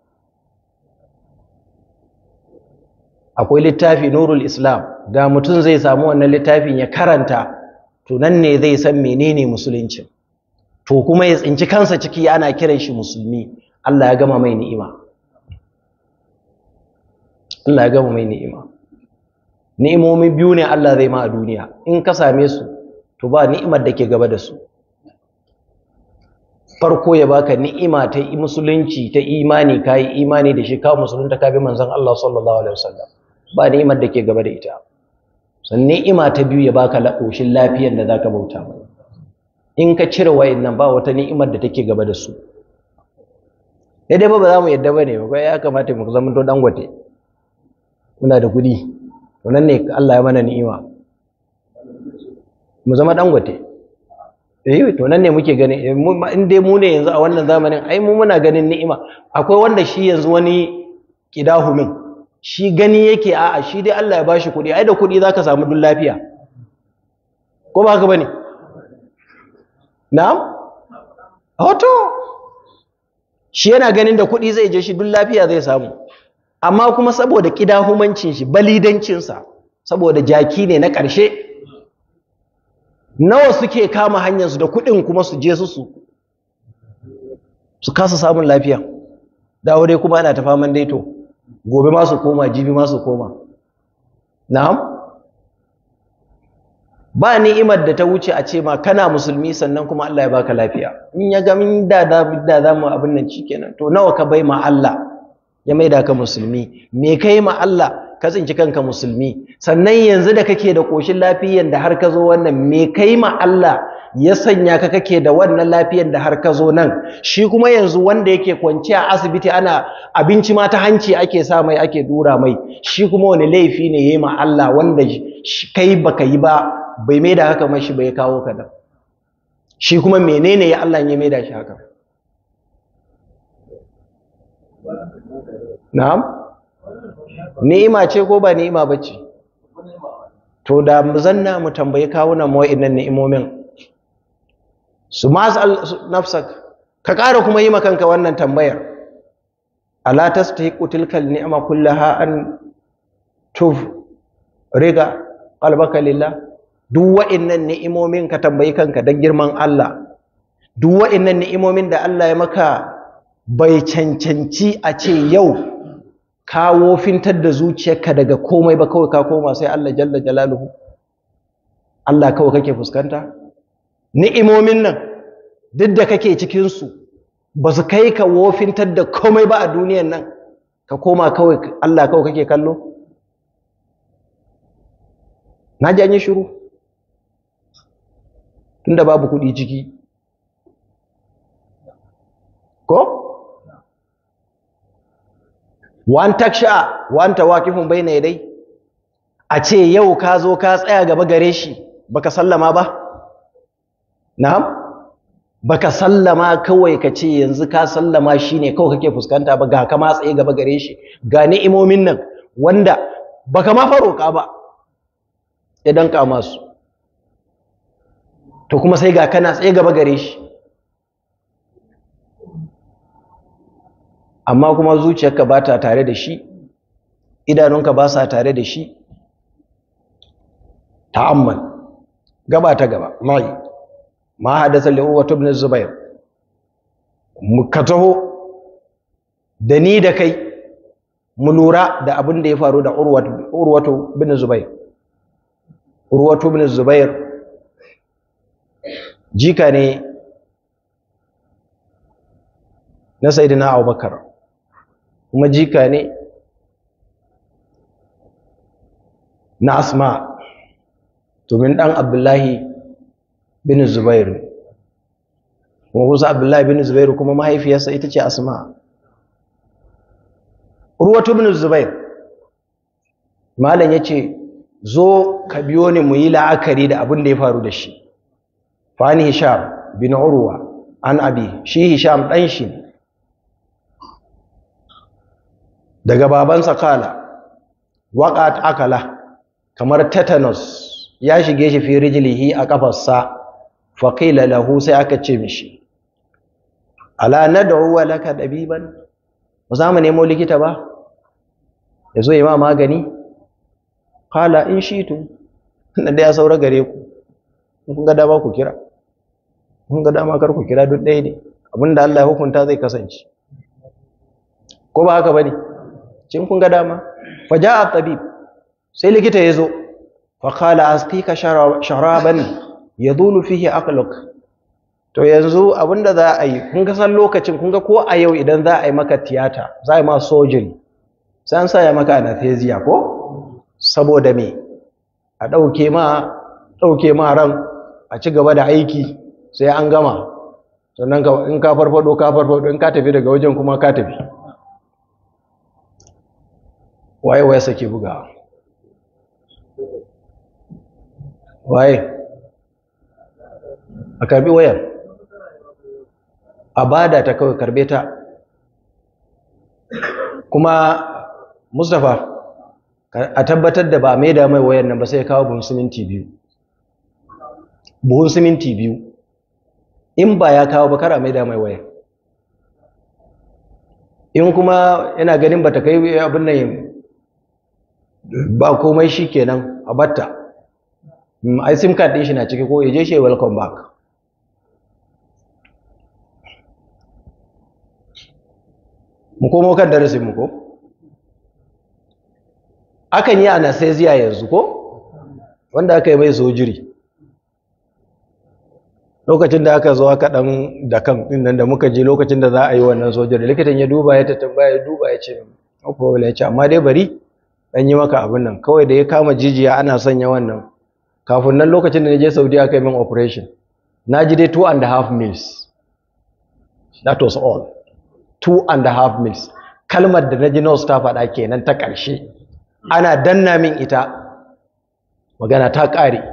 akwai littafi nurul islam da mutum zai samu wannan littafin ya karanta to ne zai san menene musulunci to kuma ya tsinci kansa ciki ana kiran shi musulmi Allah ya gama mai ni'ima Allah ya gama mai ni'ima ni'imomi biyu ne Allah zai ma a duniya in ka same su to ba ni'imar da ke gaba da su farko ya baka ni'ima ta musulunci ta imani kayi imani da shi ka musulunta ka bi manzon Allah sallallahu alaihi wasallam ba ni'imar da ke gaba da ita san ni'ima ta biyu ya baka koshin lafiyar da zaka bauta mai in ka cire wayannan ba wata ni'imar da take gaba da su dai ba ba za mu yadda ba ne ba ya kamata mu zama to dangote muna da kuɗi to nan ne Allah ya mana ni'ima mu zama dangote eh to nan ne muke ganin eh, in dai mu ne yanzu a wannan zamanin ai mu muna ganin ni'ima akwai wanda shi yanzu wani kidahumin shi gani yake a'a shi dai Allah ya bashi kuɗi ai da kuɗi zaka samu dun lafiya ko ba haka bane na'am hoto shi yana ganin da kuɗi zai je shi dun lafiya zai samu amma kuma saboda kidahumancin shi balidancin sa saboda jaki ne na ƙarshe nawa suke kama hanyar su da kuɗin kuma su je su su su kasa samun lafiya dawo dai kuma ana ta faman daito gobe ma su koma jibi ma su koma na'am ba ni'imar da ta wuce a ce ma kana musulmi sannan kuma Allah ya baka lafiya in ya ga min da da da za mu abin nan shikenan to nawa ka bai ma Allah ya maida ka musulmi me kai ma Allah ka tsinci kanka musulmi sannan yanzu da kake da koshin lafiyar da har ka zo wannan me kai ma Allah ya sanya ka kake da wannan lafiyar da har ka zo nan shi kuma yanzu wanda yake kwance a asibiti ana abinci ma ta hanci ake sa mai ake dura mai shi kuma wani laifi ne yi ma Allah wanda kai baka yi ba bai da haka mashi bai kawo ka da shi kuma menene ya Allah ya maida shi haka na'am ni'ima ce ko ba ni'ima bace to da zanna mu tambayi kawunan mu wa'innan ni'imomin su mas'al nafsak ka ƙara kuma yi makanka wannan tambayar ala tastahiqu tilkal ni'ma kullaha an tuf riga qalbaka lillah duk wa'innan ni'imomin ka tambayi kanka dan girman Allah duk wa'innan ni'imomin da Allah ya maka bai cancanci a ce yau kawo fintar da zuciyarka daga komai ba kawai ka koma sai Allah jalla jalaluhu Allah kawai kake fuskanta ni'imomin nan duk da kake cikinsu ba su kai ka wofintar da komai ba a duniyan nan ka koma kawai Allah kawai kake kallo na ji an yi shiru tunda babu kuɗi ciki ko? wan taksha wan tawaqifun baina yadai a ce yau ka zo ka tsaya gaba gare shi baka sallama ba na'am baka sallama kawai ka ce yanzu ka sallama shine kawai kake fuskanta ba ga kama tsaye gaba gare shi ga ni'imomin nan wanda baka ma faroka ba idan ka masu to kuma sai ga kana tsaye gaba gare shi amma kuma zuciyarka ba ta tare da shi idanunka ba sa tare da shi ta'amman gaba ta gaba mai ma hadatha li uwa ibn zubair ka taho da ni da kai mu lura da abin da ya faru da urwatu bin zubair urwatu bin zubair jika ne na sayidina abubakar kuma jika ne na asma domin dan abdullahi bin Zubairu kuma kusa Abdullahi bin Zubairu, kuma mahaifiyarsa ita ce Asma Urwatu bin Zubair malam yace zo ka biyo ni mu yi la'akari da abin da ya faru da shi fani Hisham bin Urwa an abi shi Hisham dan shi daga babansa kala waqat akala kamar tetanus ya shige shi fi rijlihi a kafarsa faƙila lahu sai aka ce mishi ala na ruwa laka ɗabiban ba za mu nemo likita ba ya zo yi ma magani kala in shi tu na ɗaya ya saura gare ku kun ga dama ku kira kun ga dama kar ku kira duk ɗaya ne abinda Allah ya hukunta zai kasance ko ba haka ba ne cin kun ga dama faja a tabib sai likita ya zo fa qala asqika sharaban ya zulu fihi aqluk to yanzu abinda za a yi kun ga san lokacin kun ga ko a yau idan za a yi maka tiyata za a yi ma sojin, san sa ya maka anesthesia ko saboda me a ɗauke ma dauke ma ran a ci gaba da aiki sai an gama sannan in ka farfado ka farfado in ka tafi daga wajen kuma ka tafi waye waye sake bugawa waye a karbi wayar a bada ta kawai karbe ta kuma mustapha a tabbatar da ba mai damai mai wayar nan ba sai kawo buhun siminti biyu buhun siminti biyu in ba ya kawo ba a mai damai mai wayar in kuma yana ganin ba ta kai abin nan ba komai shi kenan a batta hmm, ai sim card din shi na ciki ko ya je shi welcome back mu komo kan darasin mu ko akan yi anesthesia yanzu ko wanda aka yi mai sojiri lokacin da aka zo aka dan da kan din nan da muka je lokacin da za a yi wannan sojiri likitan ya duba ya tambaya, ya duba ya ce no problem ya ce amma dai bari dan yi maka abin nan kawai da ya kama jijiya ana sanya wannan kafin nan lokacin da na je Saudi aka yi min operation na ji dai two and a half meals that was all two and a half mils. kalmar da naji nurse ta faɗa kenan ta ƙarshe ana danna min ita magana ta ƙare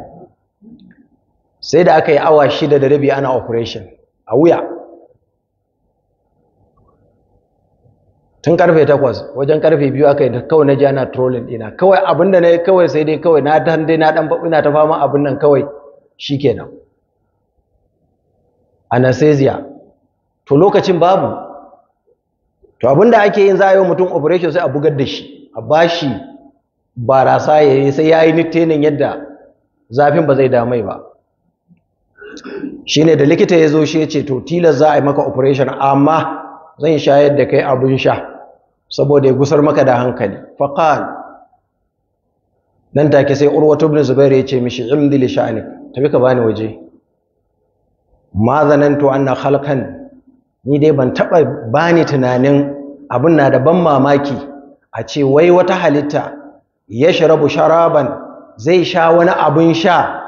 sai da aka yi awa shida da rabi ana operation a wuya tun karfe takwas wajen karfe biyu aka yi da kawai na ji ana trolling ɗina kawai abin da na yi kawai sai dai kawai na dan dai na ɗan ina ta fama abin nan kawai shikenan anesthesia to lokacin babu to abin da ake yin za a yi wa mutum operation sai a bugar da shi a bashi barasa ya yi sai ya yi nitenin yadda zafin ba zai damai ba shine da likita ya zo shi ya ce to tilas za a yi maka operation amma zan shayar da kai abin sha saboda ya gusar maka da hankali faqal nan take sai urwatu ibn zubair ya ce mishi imdi li sha'ani tafi ka bani waje ma zanantu anna khalqan ni dai ban taɓa bani tunanin abin na da ban mamaki a ce wai wata halitta ya sharabu sharaban zai sha wani abin sha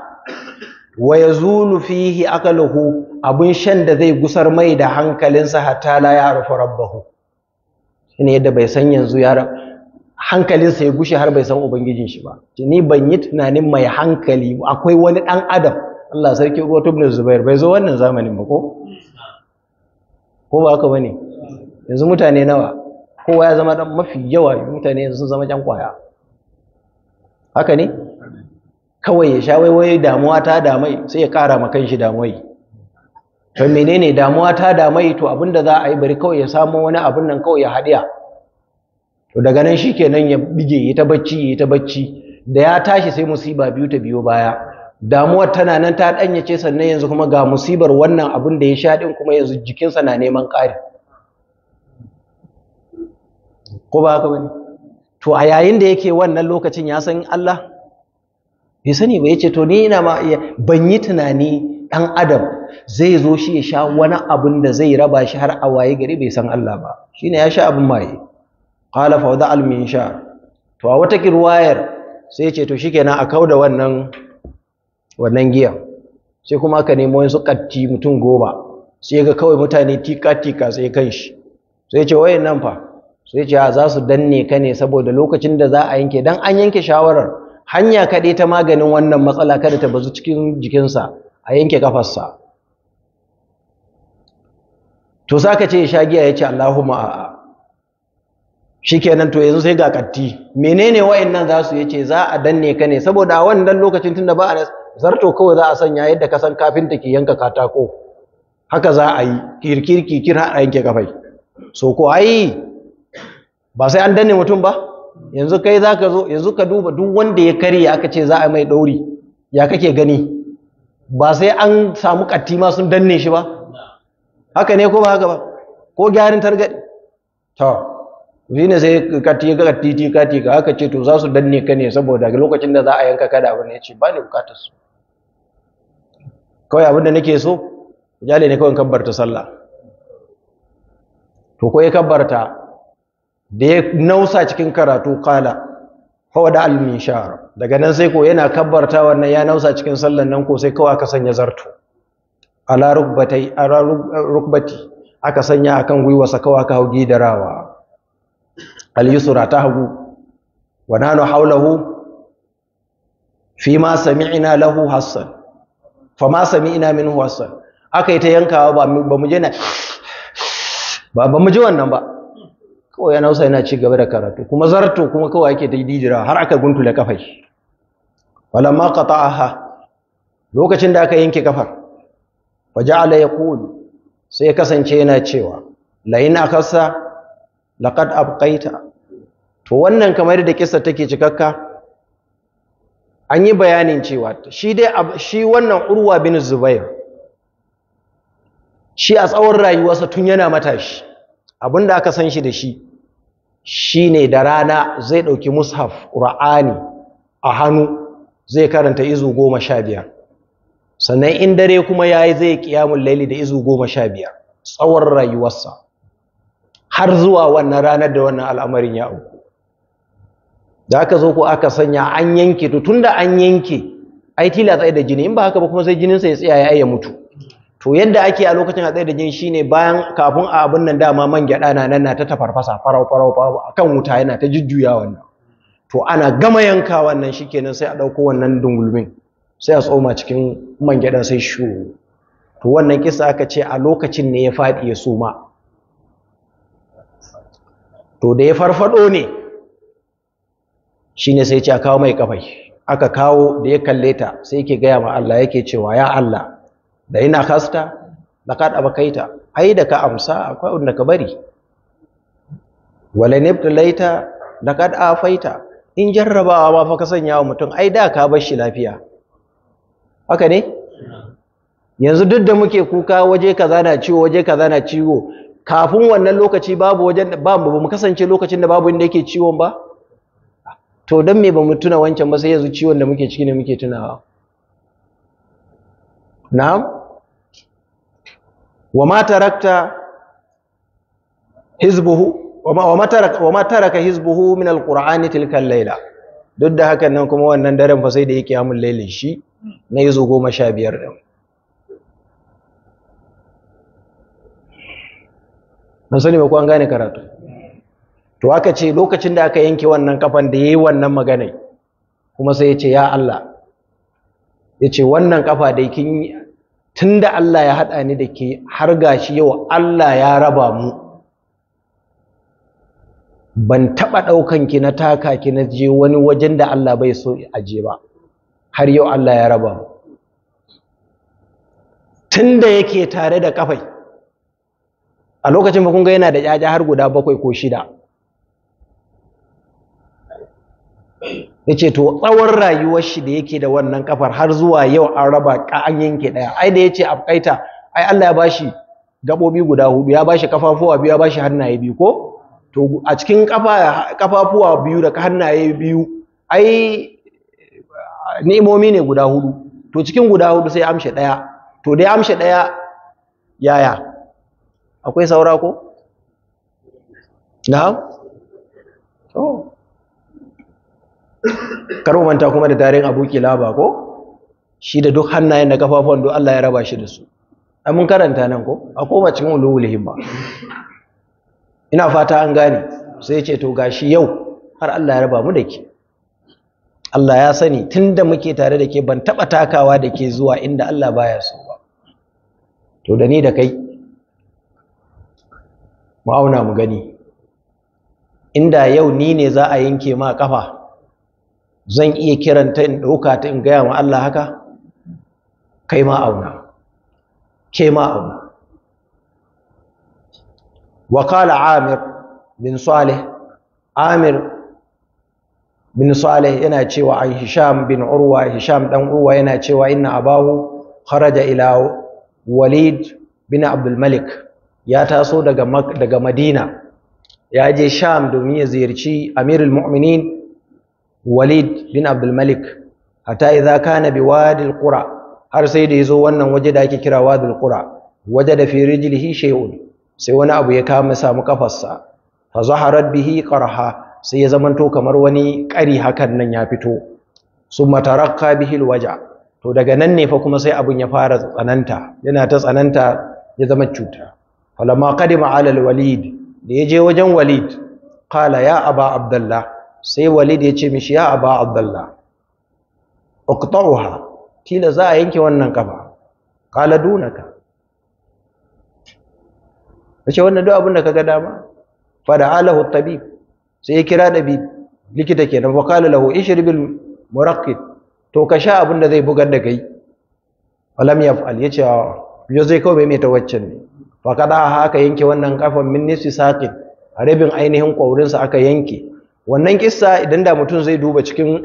wa ya zulu fihi akaluhu abin shan da zai gusar mai da hankalinsa hatta la ya rufe rabbahu shine yadda bai san yanzu ya hankalinsa ya gushe har bai san ubangijin shi ba ni ban yi tunanin mai hankali akwai wani ɗan adam Allah sarki Ubatu ibn Zubair bai zo wannan zamanin ba ko ko ba haka bane yanzu mutane nawa kowa ya zama dan mafi yawa mutane yanzu sun zama jan kwaya haka ne kawai ya sha wai-wai, damuwa ta damai sai ya kara ma kanshi damuwai to menene damuwa ta damai to abinda za a yi bari kawai ya samu wani abin nan kawai ya hadiya to daga nan shikenan ya bige ya ta bacci ya ta bacci da ya tashi sai musiba biyu ta biyo baya damuwar tana nan ta danyace sannan yanzu kuma ga musibar wannan abin da ya sha din kuma yanzu jikinsa na neman ƙari ko ba haka bane to a yayin da yake wannan lokacin ya san Allah bai sani ba yace to ni ina ma ban yi tunani dan adam zai zo shi ya sha wani abin da zai raba shi har a waye gari bai san Allah ba shine ya sha abin maye qala fa wada al min sha to a wata kirwayar sai yace ce to shikenan a kauda wannan wannan giya sai kuma aka nemo wani su katti mutum goma sai ga kawai mutane tika-tika sai kan shi sai ce wayan nan fa sai ce za su danne ka ne saboda lokacin da za a yanke dan an yanke shawarar hanya kaɗai ta maganin wannan matsala kada ta bazu cikin jikinsa a yanke kafarsa to sa ka ce sha giya ya ce Allahumma a'a shikenan to yanzu sai ga katti menene nan za su yace za a danne ka ne saboda a wannan lokacin tunda ba a zarto kawai za a sanya yadda ka san kafinta ke yanka katako haka za a yi kirkir kirkir har a yanke kafai so ko ai ba sai an danne mutum ba yanzu kai za ka zo yanzu ka duba duk wanda ya karya aka ce za a mai ɗauri ya kake gani ba sai an samu katti ma sun danne shi ba haka ne ko ba haka ba ko gyarin targaɗe to shi ne sai ka tika titi ka tika aka ce to za su danne ka ne saboda lokacin da za a yanka kada abin ya ce ba ne bukatar su kawai abin da nake so jale ne kawai kabbarta sallah to ko ya kabbarta da ya nausa cikin karatu kala fawada al-minshar daga nan sai ko yana kabbarta wannan ya nausa cikin sallan nan ko sai kawai aka sanya zartu ala rukbatai ala aka sanya akan gwiwa kawaka ka haugi da rawa al-yusra ta hagu wa nanu haulahu fi ma sami'na lahu hassan fa ma ina min wasa aka yi ta yankawa ba ba mu na ba ba mu wannan ba kawai yana usa yana ci gaba da karatu kuma zarto kuma kawai ake ta dijira har aka guntula wala ma qata'aha lokacin da aka yanke kafar fa ja'ala yaqulu sai ya kasance yana cewa la in akasa laqad abqaita to wannan kamar da kissa take cikakka an yi bayanin cewa shi dai shi wannan urwa bin zubair shi a tsawon rayuwarsa tun yana matashi abinda aka san shi da shi shi ne da rana zai ɗauki mushaf ƙur'ani a hannu zai karanta izu goma sha biyar sannan in dare kuma ya yi zai ƙiyamun laili da izu goma sha biyar tsawon rayuwarsa har zuwa wannan ranar da wannan al'amarin ya auku da aka zo ko aka sanya an yanke to tunda an yanke ai tila tsaye da jini in ba haka ba kuma sai jinin sa ya tsaya ya mutu to yadda ake a lokacin a tsaye da jini shine bayan kafin a abin nan dama man gyada na nan na ta tafarfasa farau farau farau akan wuta yana ta jujjuya wannan to ana gama yanka wannan shikenan sai a dauko wannan dungulmin sai a tsoma cikin man gyada sai shu to wannan kisa aka ce a lokacin ne ya faɗi ya suma to da ya farfado ne shine sai ce a kawo mai kafai aka kawo da ya kalle ta sai yake gaya ma Allah yake cewa ya Allah da ina kasta da ka laqad kaita. ai da ka amsa akwai wanda ka bari wala da laqad afaita in jarrabawa ma fa ka sanya wa mutum ai da ka bar shi lafiya haka ne yanzu duk da muke kuka waje kaza na ciwo waje kaza na ciwo kafin wannan lokaci babu wajen ba mu kasance lokacin da babu inda yake ciwon ba to don me ba mu tuna wancan ba sai yanzu ciwon da muke ciki ne muke tunawa na'am wa ma tarakta hizbuhu wa ma taraka wa ma taraka hizbuhu min tilkan laila duk da hakan nan kuma wannan daren fa sai da yake amul lailin shi na yi goma sha biyar din ban sani ba ko an gane karatu to aka ce lokacin da aka yanke wannan kafan da yayi wannan magana kuma sai ya ce ya Allah ya ce wannan kafa da kin tunda Allah ya hada ni da ke har gashi yau Allah ya raba mu ban taɓa daukan ki na taka ki na je wani wajen da Allah bai so aje ba har yau Allah ya raba mu tunda yake tare da kafai a lokacin ba kun ga yana da yaya har guda bakwai ko shida yace to tsawon rayuwar shi da yake da wannan kafar har zuwa yau an raba ka an yanke daya ai da yace afkaita ai Allah ya bashi gabobi guda hudu ya bashi kafafuwa biyu ya bashi hannaye biyu ko to a cikin kafa kafafuwa biyu da hannaye biyu ai ni'imomi ne guda hudu to cikin guda hudu sai amshe daya to dai amshe daya yaya akwai saura ko na'am to manta kuma da tarin abu kilaba ko shi da duk hannayen da kafafon duk Allah ya raba shi da su amin mun karanta nan ko a koma cikin ulul himma ina fata an gane sai ce to gashi yau har Allah ya raba mu da ke Allah ya sani tunda muke tare da ke ban taba takawa da ke zuwa inda Allah baya so ba to da ni da kai mu auna mu gani inda yau ni ne za a yanke ma kafa zan iya kiranta in ɗauka ta in gaya ma Allah haka kai ma auna ke ma auna amir bin salih amir bin salih yana cewa an hisham bin urwa hisham dan urwa yana cewa inna abahu kharaja ila walid bin abdul malik ya taso daga madina ya je sham domin ya ziyarci amirul mu'minin walid bin abdulmalik hatta idza kana biwadi har sai da yazo wannan waje da ake kira wadi waje da fi rijlihi shay'un sai wani abu ya kama samu kafarsa fa zaharat bihi qarha sai ya zamanto kamar wani ƙari hakan nan ya fito summa tarakka bihi alwaja to daga nan ne fa kuma sai abun ya fara tsananta yana ta tsananta ya zama cuta falamma qadima ala Walid, da ya je wajen walid qala ya aba abdullah sai walid ya ce mishi ya aba abdullah uktauha kila za a yanke wannan kafa kala dunaka ce wannan duk abin da kaga dama fada alahu tabib sai ya kira da dabi likita ke fa qala lahu ishribil muraqqib to ka sha abin da zai bugar da kai fa'al ya ce yo zai kawai mai ta waccan ne fa kada haka yanke wannan kafan min nisi saqin a rabin ainihin kwaurinsa aka yanke wannan kisa idan da mutum zai duba cikin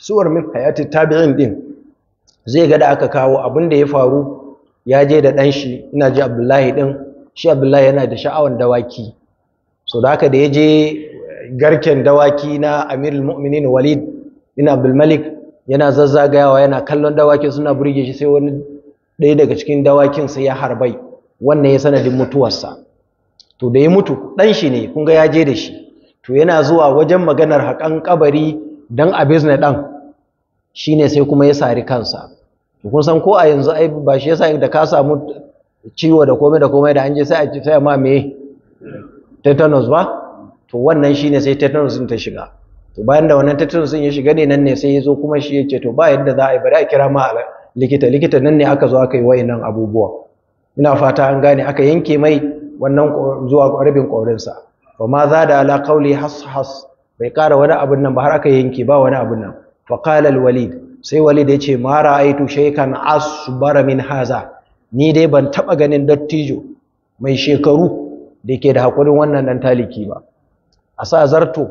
suwar min hayati tabi'in din zai ga da aka kawo abin da ya faru ya je da ɗan shi ina ji abdullahi ɗin shi abdullahi yana da sha'awan dawaki so da haka da ya je garken dawaki na amirul mu'minin walid bin abdulmalik yana zazzagayawa yana kallon dawaki, suna burge shi sai wani ɗaya daga cikin dawakin sai ya harbai wannan ya sanadin mutuwarsa to da ya mutu ɗan shi ne kun ga ya je da shi to yana zuwa wajen maganar haƙan ƙabari don a bizne ɗan shi ne sai kuma ya sari kansa kun san ko a yanzu ai ba shi yasa da ka samu ciwo da komai da komai da an je sai a cikin ma me tetanus ba to wannan shi ne sai tetanus ta shiga to bayan da wannan tetanus ya shiga ne nan ne sai ya zo kuma shi yace to ba yadda za a yi bari a kira ma likita likita nan ne aka zo aka yi nan abubuwa ina fata an gane aka yanke mai wannan zuwa rabin ƙorinsa wa ma da ala qawli has has bai kara wani abin nan ba har aka yanke ba wani abin nan fa qala al walid sai walid ya ce ma ra'aitu shaykan asbara min haza ni dai ban taba ganin dattijo mai shekaru da yake da hakurin wannan dan taliki ba a sa zarto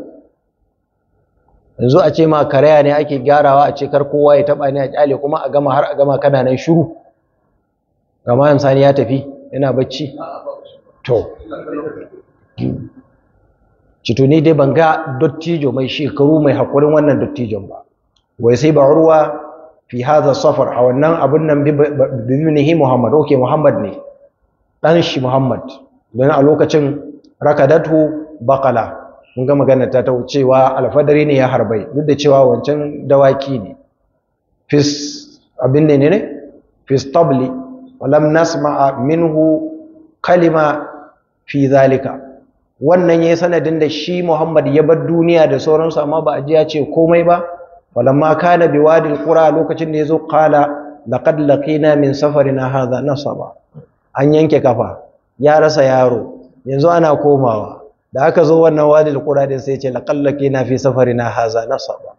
yanzu a ce ma karaya ne ake gyarawa a ce kowa ya taba ni a kyale kuma a gama har a gama kana nan shiru gama sani ya tafi yana bacci to cito ni dai ban ga dottijo mai shekaru mai haƙurin wannan dottijon ba wai sai ba ruwa fi hadha safar a wannan abin nan bibinihi muhammad okay muhammad ne dan shi muhammad don a lokacin rakadatu baqala mun ga magana ta ta cewa alfadari ne ya harbai duk da cewa wancan dawaki ne fis abin ne ne fis tabli walam nasma'a minhu kalima fi zalika wannan ya yi sanadin da shi Muhammad ya bar duniya da sauransu amma ba a ji ya ce komai ba walamma kana biwadil qura lokacin da yazo qala laqad laqina min safarina hadha nasaba an yanke kafa ya rasa yaro yanzu ana komawa da aka zo wannan wadil qura din sai ya ce laqad laqina fi safarina hadha nasaba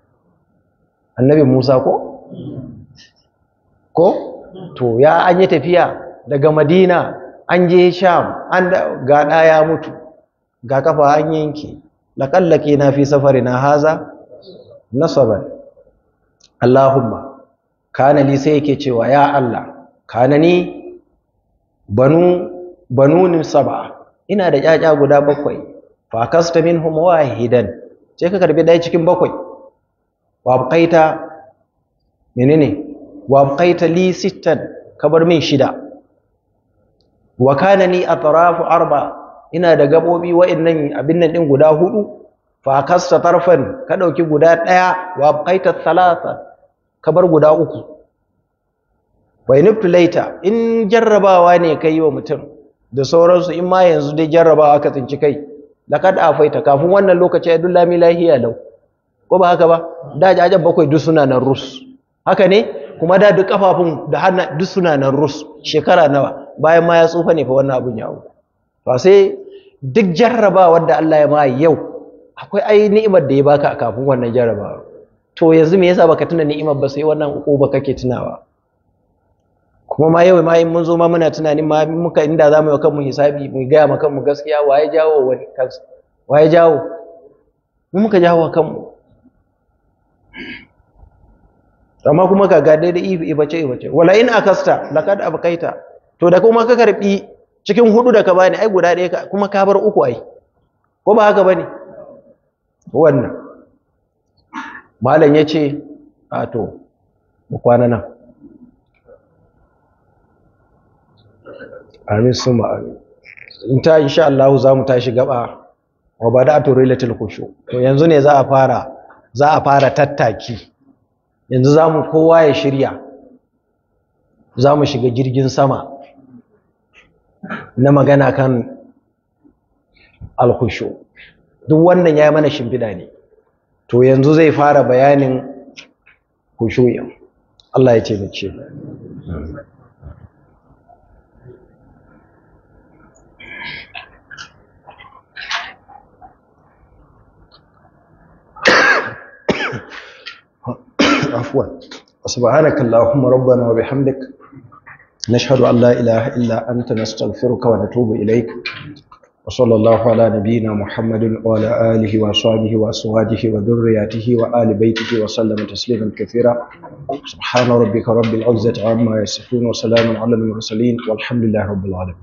annabi Musa ko ko to ya an yi tafiya daga Madina an je Sham an ga ya mutu ga kafa an yanke laƙallake na fi safari na haza nasaban Allahumma kana li sai yake cewa ya Allah kana ni banu banunin saba ina da ƴaƴa guda bakwai fa kasta minhum wahidan Je ka karbi ɗaya cikin bakwai wa abqaita menene wa abqaita li sittan ka bar min shida wa kana ni atrafu arba ina da gabobi wa'annan abin nan din guda hudu fa kasta tarfan ka dauki guda daya wa qaita thalatha ka bar guda uku wa inibtulaita in jarrabawa ne kai wa mutum da sauransu in ma yanzu dai jarrabawa ka tsinci kai laqad afaita kafin wannan lokaci ya dullami lahiya lau ko ba haka ba da jajan bakwai duk suna nan rus haka ne kuma da duk kafafun da hannu duk suna nan rus shekara nawa bayan ma ya tsufa ne fa wannan abun ya hau fa sai duk jarraba wanda Allah ya ma yau akwai ai ni'imar da ya baka a kafin wannan jarrabawa to yanzu me yasa baka tuna ni'imar ba sai wannan uku ba kake tunawa kuma ma yau ma mun zo ma muna tunanin ma muka inda za mu yi kanmu hisabi mu gaya ma kanmu gaskiya waye jawo wani kansu waye jawo mu muka jawo kanmu amma kuma ka ga daidai ibace ibace wala in akasta laqad abkaita to da kuma ka karbi cikin hudu da ka bani ai guda ɗaya kuma ka bar uku ai ko ba haka bane wannan malam yace a to mu kwana nan amin suma amin in ta insha Allah za mu tashi gaba wa ba to rilatil khushu to yanzu ne za a fara za a fara tattaki yanzu za mu kowa ya shirya za mu shiga jirgin sama na magana kan alkhushu duk wannan ya mana shimfiɗa ne to yanzu zai fara bayanin khushu'in Allah ya ce mu ce عفوا سبحانك اللهم ربنا وبحمدك نشهد أن لا إله إلا أنت نستغفرك ونتوب إليك وصلى الله على نبينا محمد وعلى آله وصحبه وأزواجه وذرياته وآل بيته وسلم تسليما كثيرا سبحان ربك رب العزة عما يصفون وسلام على المرسلين والحمد لله رب العالمين